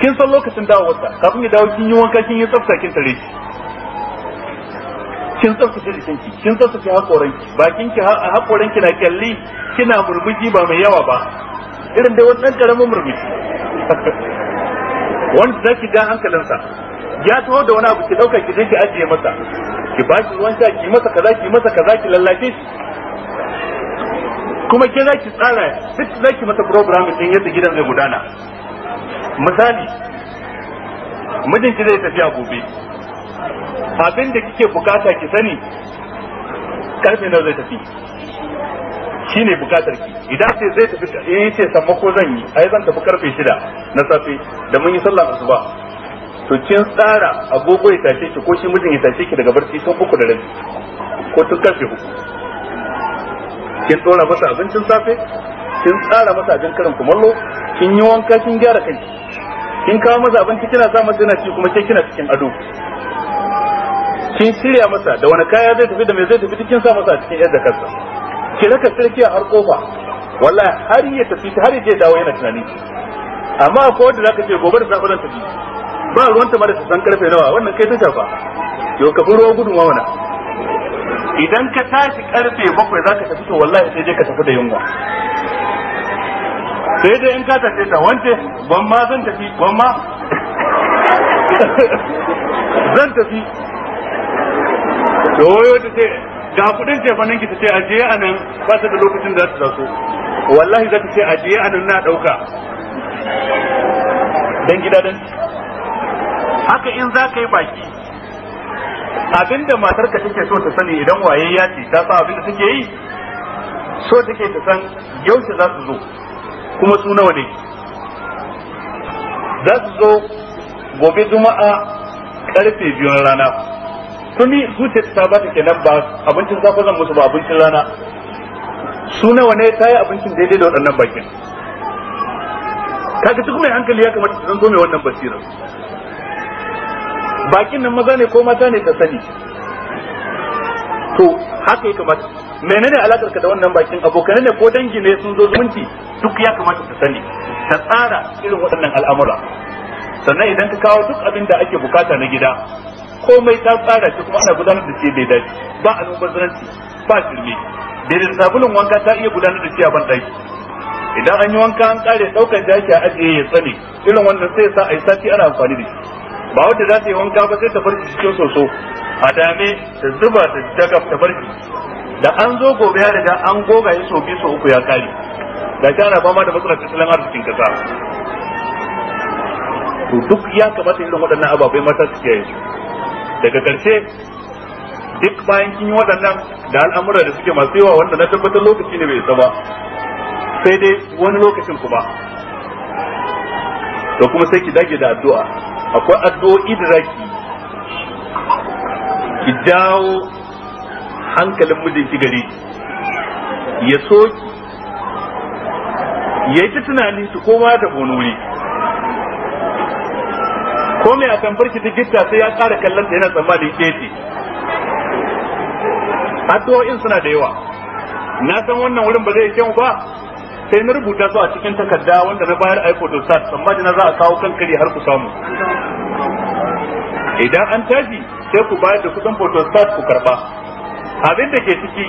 kin san lokacin dawowarsa kafin ya dawo kin yi wanka kin yi tsafta kin tare shi kin tsaftace jikinki kin ki kin ki hakoran ki na kyalli kina murmushi ba mai yawa ba irin da wannan karamin murmushi wanda zaki ga hankalinsa ya taho da wani abu ki dauka ki je ki ajiye masa ki ba shi ruwan sha ki masa kaza ki masa kaza ki lallace shi kuma ke zaki tsara duk zaki masa program din yadda gidan zai gudana misali mijinki zai tafi a gobe abin da kike bukata ki sani karfe nawa zai tafi shi ne bukatar ki idan sai zai tafi eh ce ko zan yi ai zan tafi karfe 6 na safe da mun yi sallah asuba to kin tsara agogo ya tashe ki ko shi mijin ya tashe ki daga barci tun uku da rabi ko tun karfe uku kin tsora masa abincin safe kin tsara masa abin karin kumallo kin yi wanka kin gyara kai kin kawo masa abinci kina sa masa yana ci kuma sai kina cikin ado kin shirya masa da wani kaya zai tafi da mai zai tafi kin sa masa a cikin yadda kansa ki raka sarki har kofa wallahi har ya tafi har ya je dawo yana tunani amma ko wanda zaka ce gobe da safe zan tafi ba ruwan ta mara san karfe nawa wannan kai ta shafa yau ka furo gudun wawana idan ka tashi karfe bakwai zaka tafi to wallahi sai je ka tafi da yunwa sai dai in ka tafi ta wance ban ma zan tafi ban ma zan tafi yoyo ta ce ga kudin tefanin ki ta ce ajiye a nan ba ta da lokacin da za ta taso wallahi za ta ce ajiye a nan na dauka dan gida dan haka in za ka yi baki abinda matar ka take so ta sani idan waye ya ce ta sa abinda take yi so take ta san yaushe za su zo kuma su nawa ne za su zo gobe juma'a karfe biyun rana sun yi zuciyar ta ba ta kenan ba abincin zafi zan musu ba abincin rana su nawa ne ta yi abincin daidai da waɗannan bakin kaga duk mai hankali ya kamata su zo mai wannan basirar bakin nan maza ne ko mata ne ta sani to haka ya kamata menene alakar ka da wannan bakin abokan ne ko dangi ne sun zo zumunci duk ya kamata ta sani ta tsara irin waɗannan al'amura sannan idan ka kawo duk abin da ake bukata na gida komai ta tsara shi kuma ana gudanar da shi dace ba almubazzaranci ba shirme da sabulun wanka ta iya gudanar da shi a banɗaki idan an yi wanka an kare ɗaukar jaki a ajiye ya tsane irin wannan sai sa a yi sati ana amfani da shi ba wanda za ta yi wanka ba sai ta bar shi cikin soso a dame ta zuba ta jagab ta bar shi da an zo gobe ya riga an goga ya so biyu so uku ya kare da ta ana fama da matsalar tattalin arzikin kasa to duk ya kamata irin waɗannan ababai mata su ke su daga karshe duk bayan kin yi waɗannan da al'amura da suke masu yawa wanda na tabbatar lokaci ne bai isa sai dai wani lokacin kuma to kuma sai ki dage da addu'a akwai addu'o'i da zaki ki dawo hankalin mijinki gari ya so ki ya yi ta tunani su koma ta wani wuri ko mai a tambar shi sai ya ƙara kallon ta yana tsammanin keji addu'o'in suna da yawa na san wannan wurin ba zai kyau ba sai na rubuta su a cikin takarda wanda na bayar aiko to sat tsammanin na za a kawo kankari har ku samu idan an tashi sai ku bayar da kuɗin photostat ku karba abin da ke ciki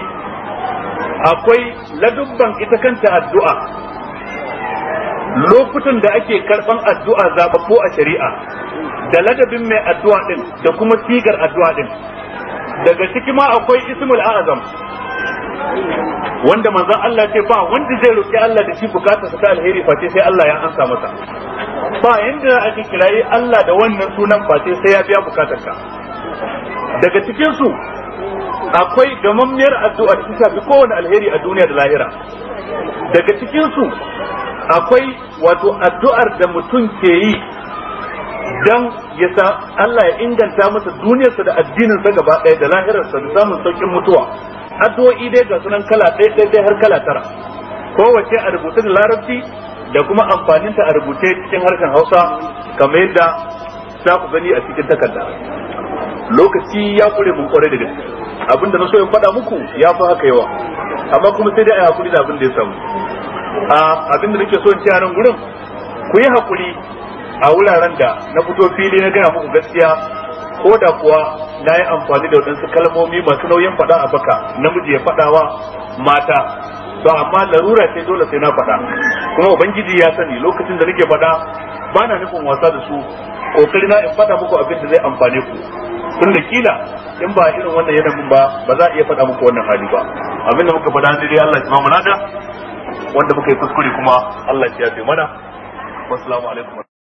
akwai ladubban ita kanta addu'a lokutan da ake karban addu'a ko a shari'a da ladabin mai addu'a din da kuma sigar addu'a din daga ciki ma akwai ismul azam wanda manzon Allah ce ba wanda zai roki Allah da shi bukatar sa ta alheri face sai Allah ya ansa masa ba yanda ake kirayi Allah da wannan sunan face sai ya biya bukatar ka daga cikin su akwai gamammiyar addu'a da ta shafi kowane alheri a duniya da lahira daga cikin su akwai wato addu'ar da mutum ke yi dan ya sa Allah ya inganta masa duniyarsa da addininsa gaba ɗaya da lahirarsa da samun saukin mutuwa addu'o'i dai ga sunan kala ɗaya ɗaya ɗaya har kala tara kowace a rubuce da larabci da kuma amfaninta a rubuce cikin harshen Hausa kamar yadda za ku gani a cikin takarda lokaci ya kure mun kware da gaske abinda na so in faɗa muku ya fi haka yawa amma kuma sai dai a hakuri da abin da ya samu abin da nake so in ce a nan gurin ku yi hakuri a wuraren da na fito fili na gaya muku gaskiya ko da kuwa na yi amfani da waɗansu kalmomi masu nauyin faɗa a baka namiji ya faɗawa mata to amma larura ce dole sai na faɗa kuma ubangiji ya sani lokacin da nake faɗa ba na nufin wasa da su kokari na in faɗa muku abin da zai amfane ku tun da kila in ba irin wannan yanayin ba ba za a iya faɗa muku wannan hali ba abin da muka faɗa dai Allah ya ba mu wanda muka yi kuskure kuma Allah ya yafe mana wassalamu alaikum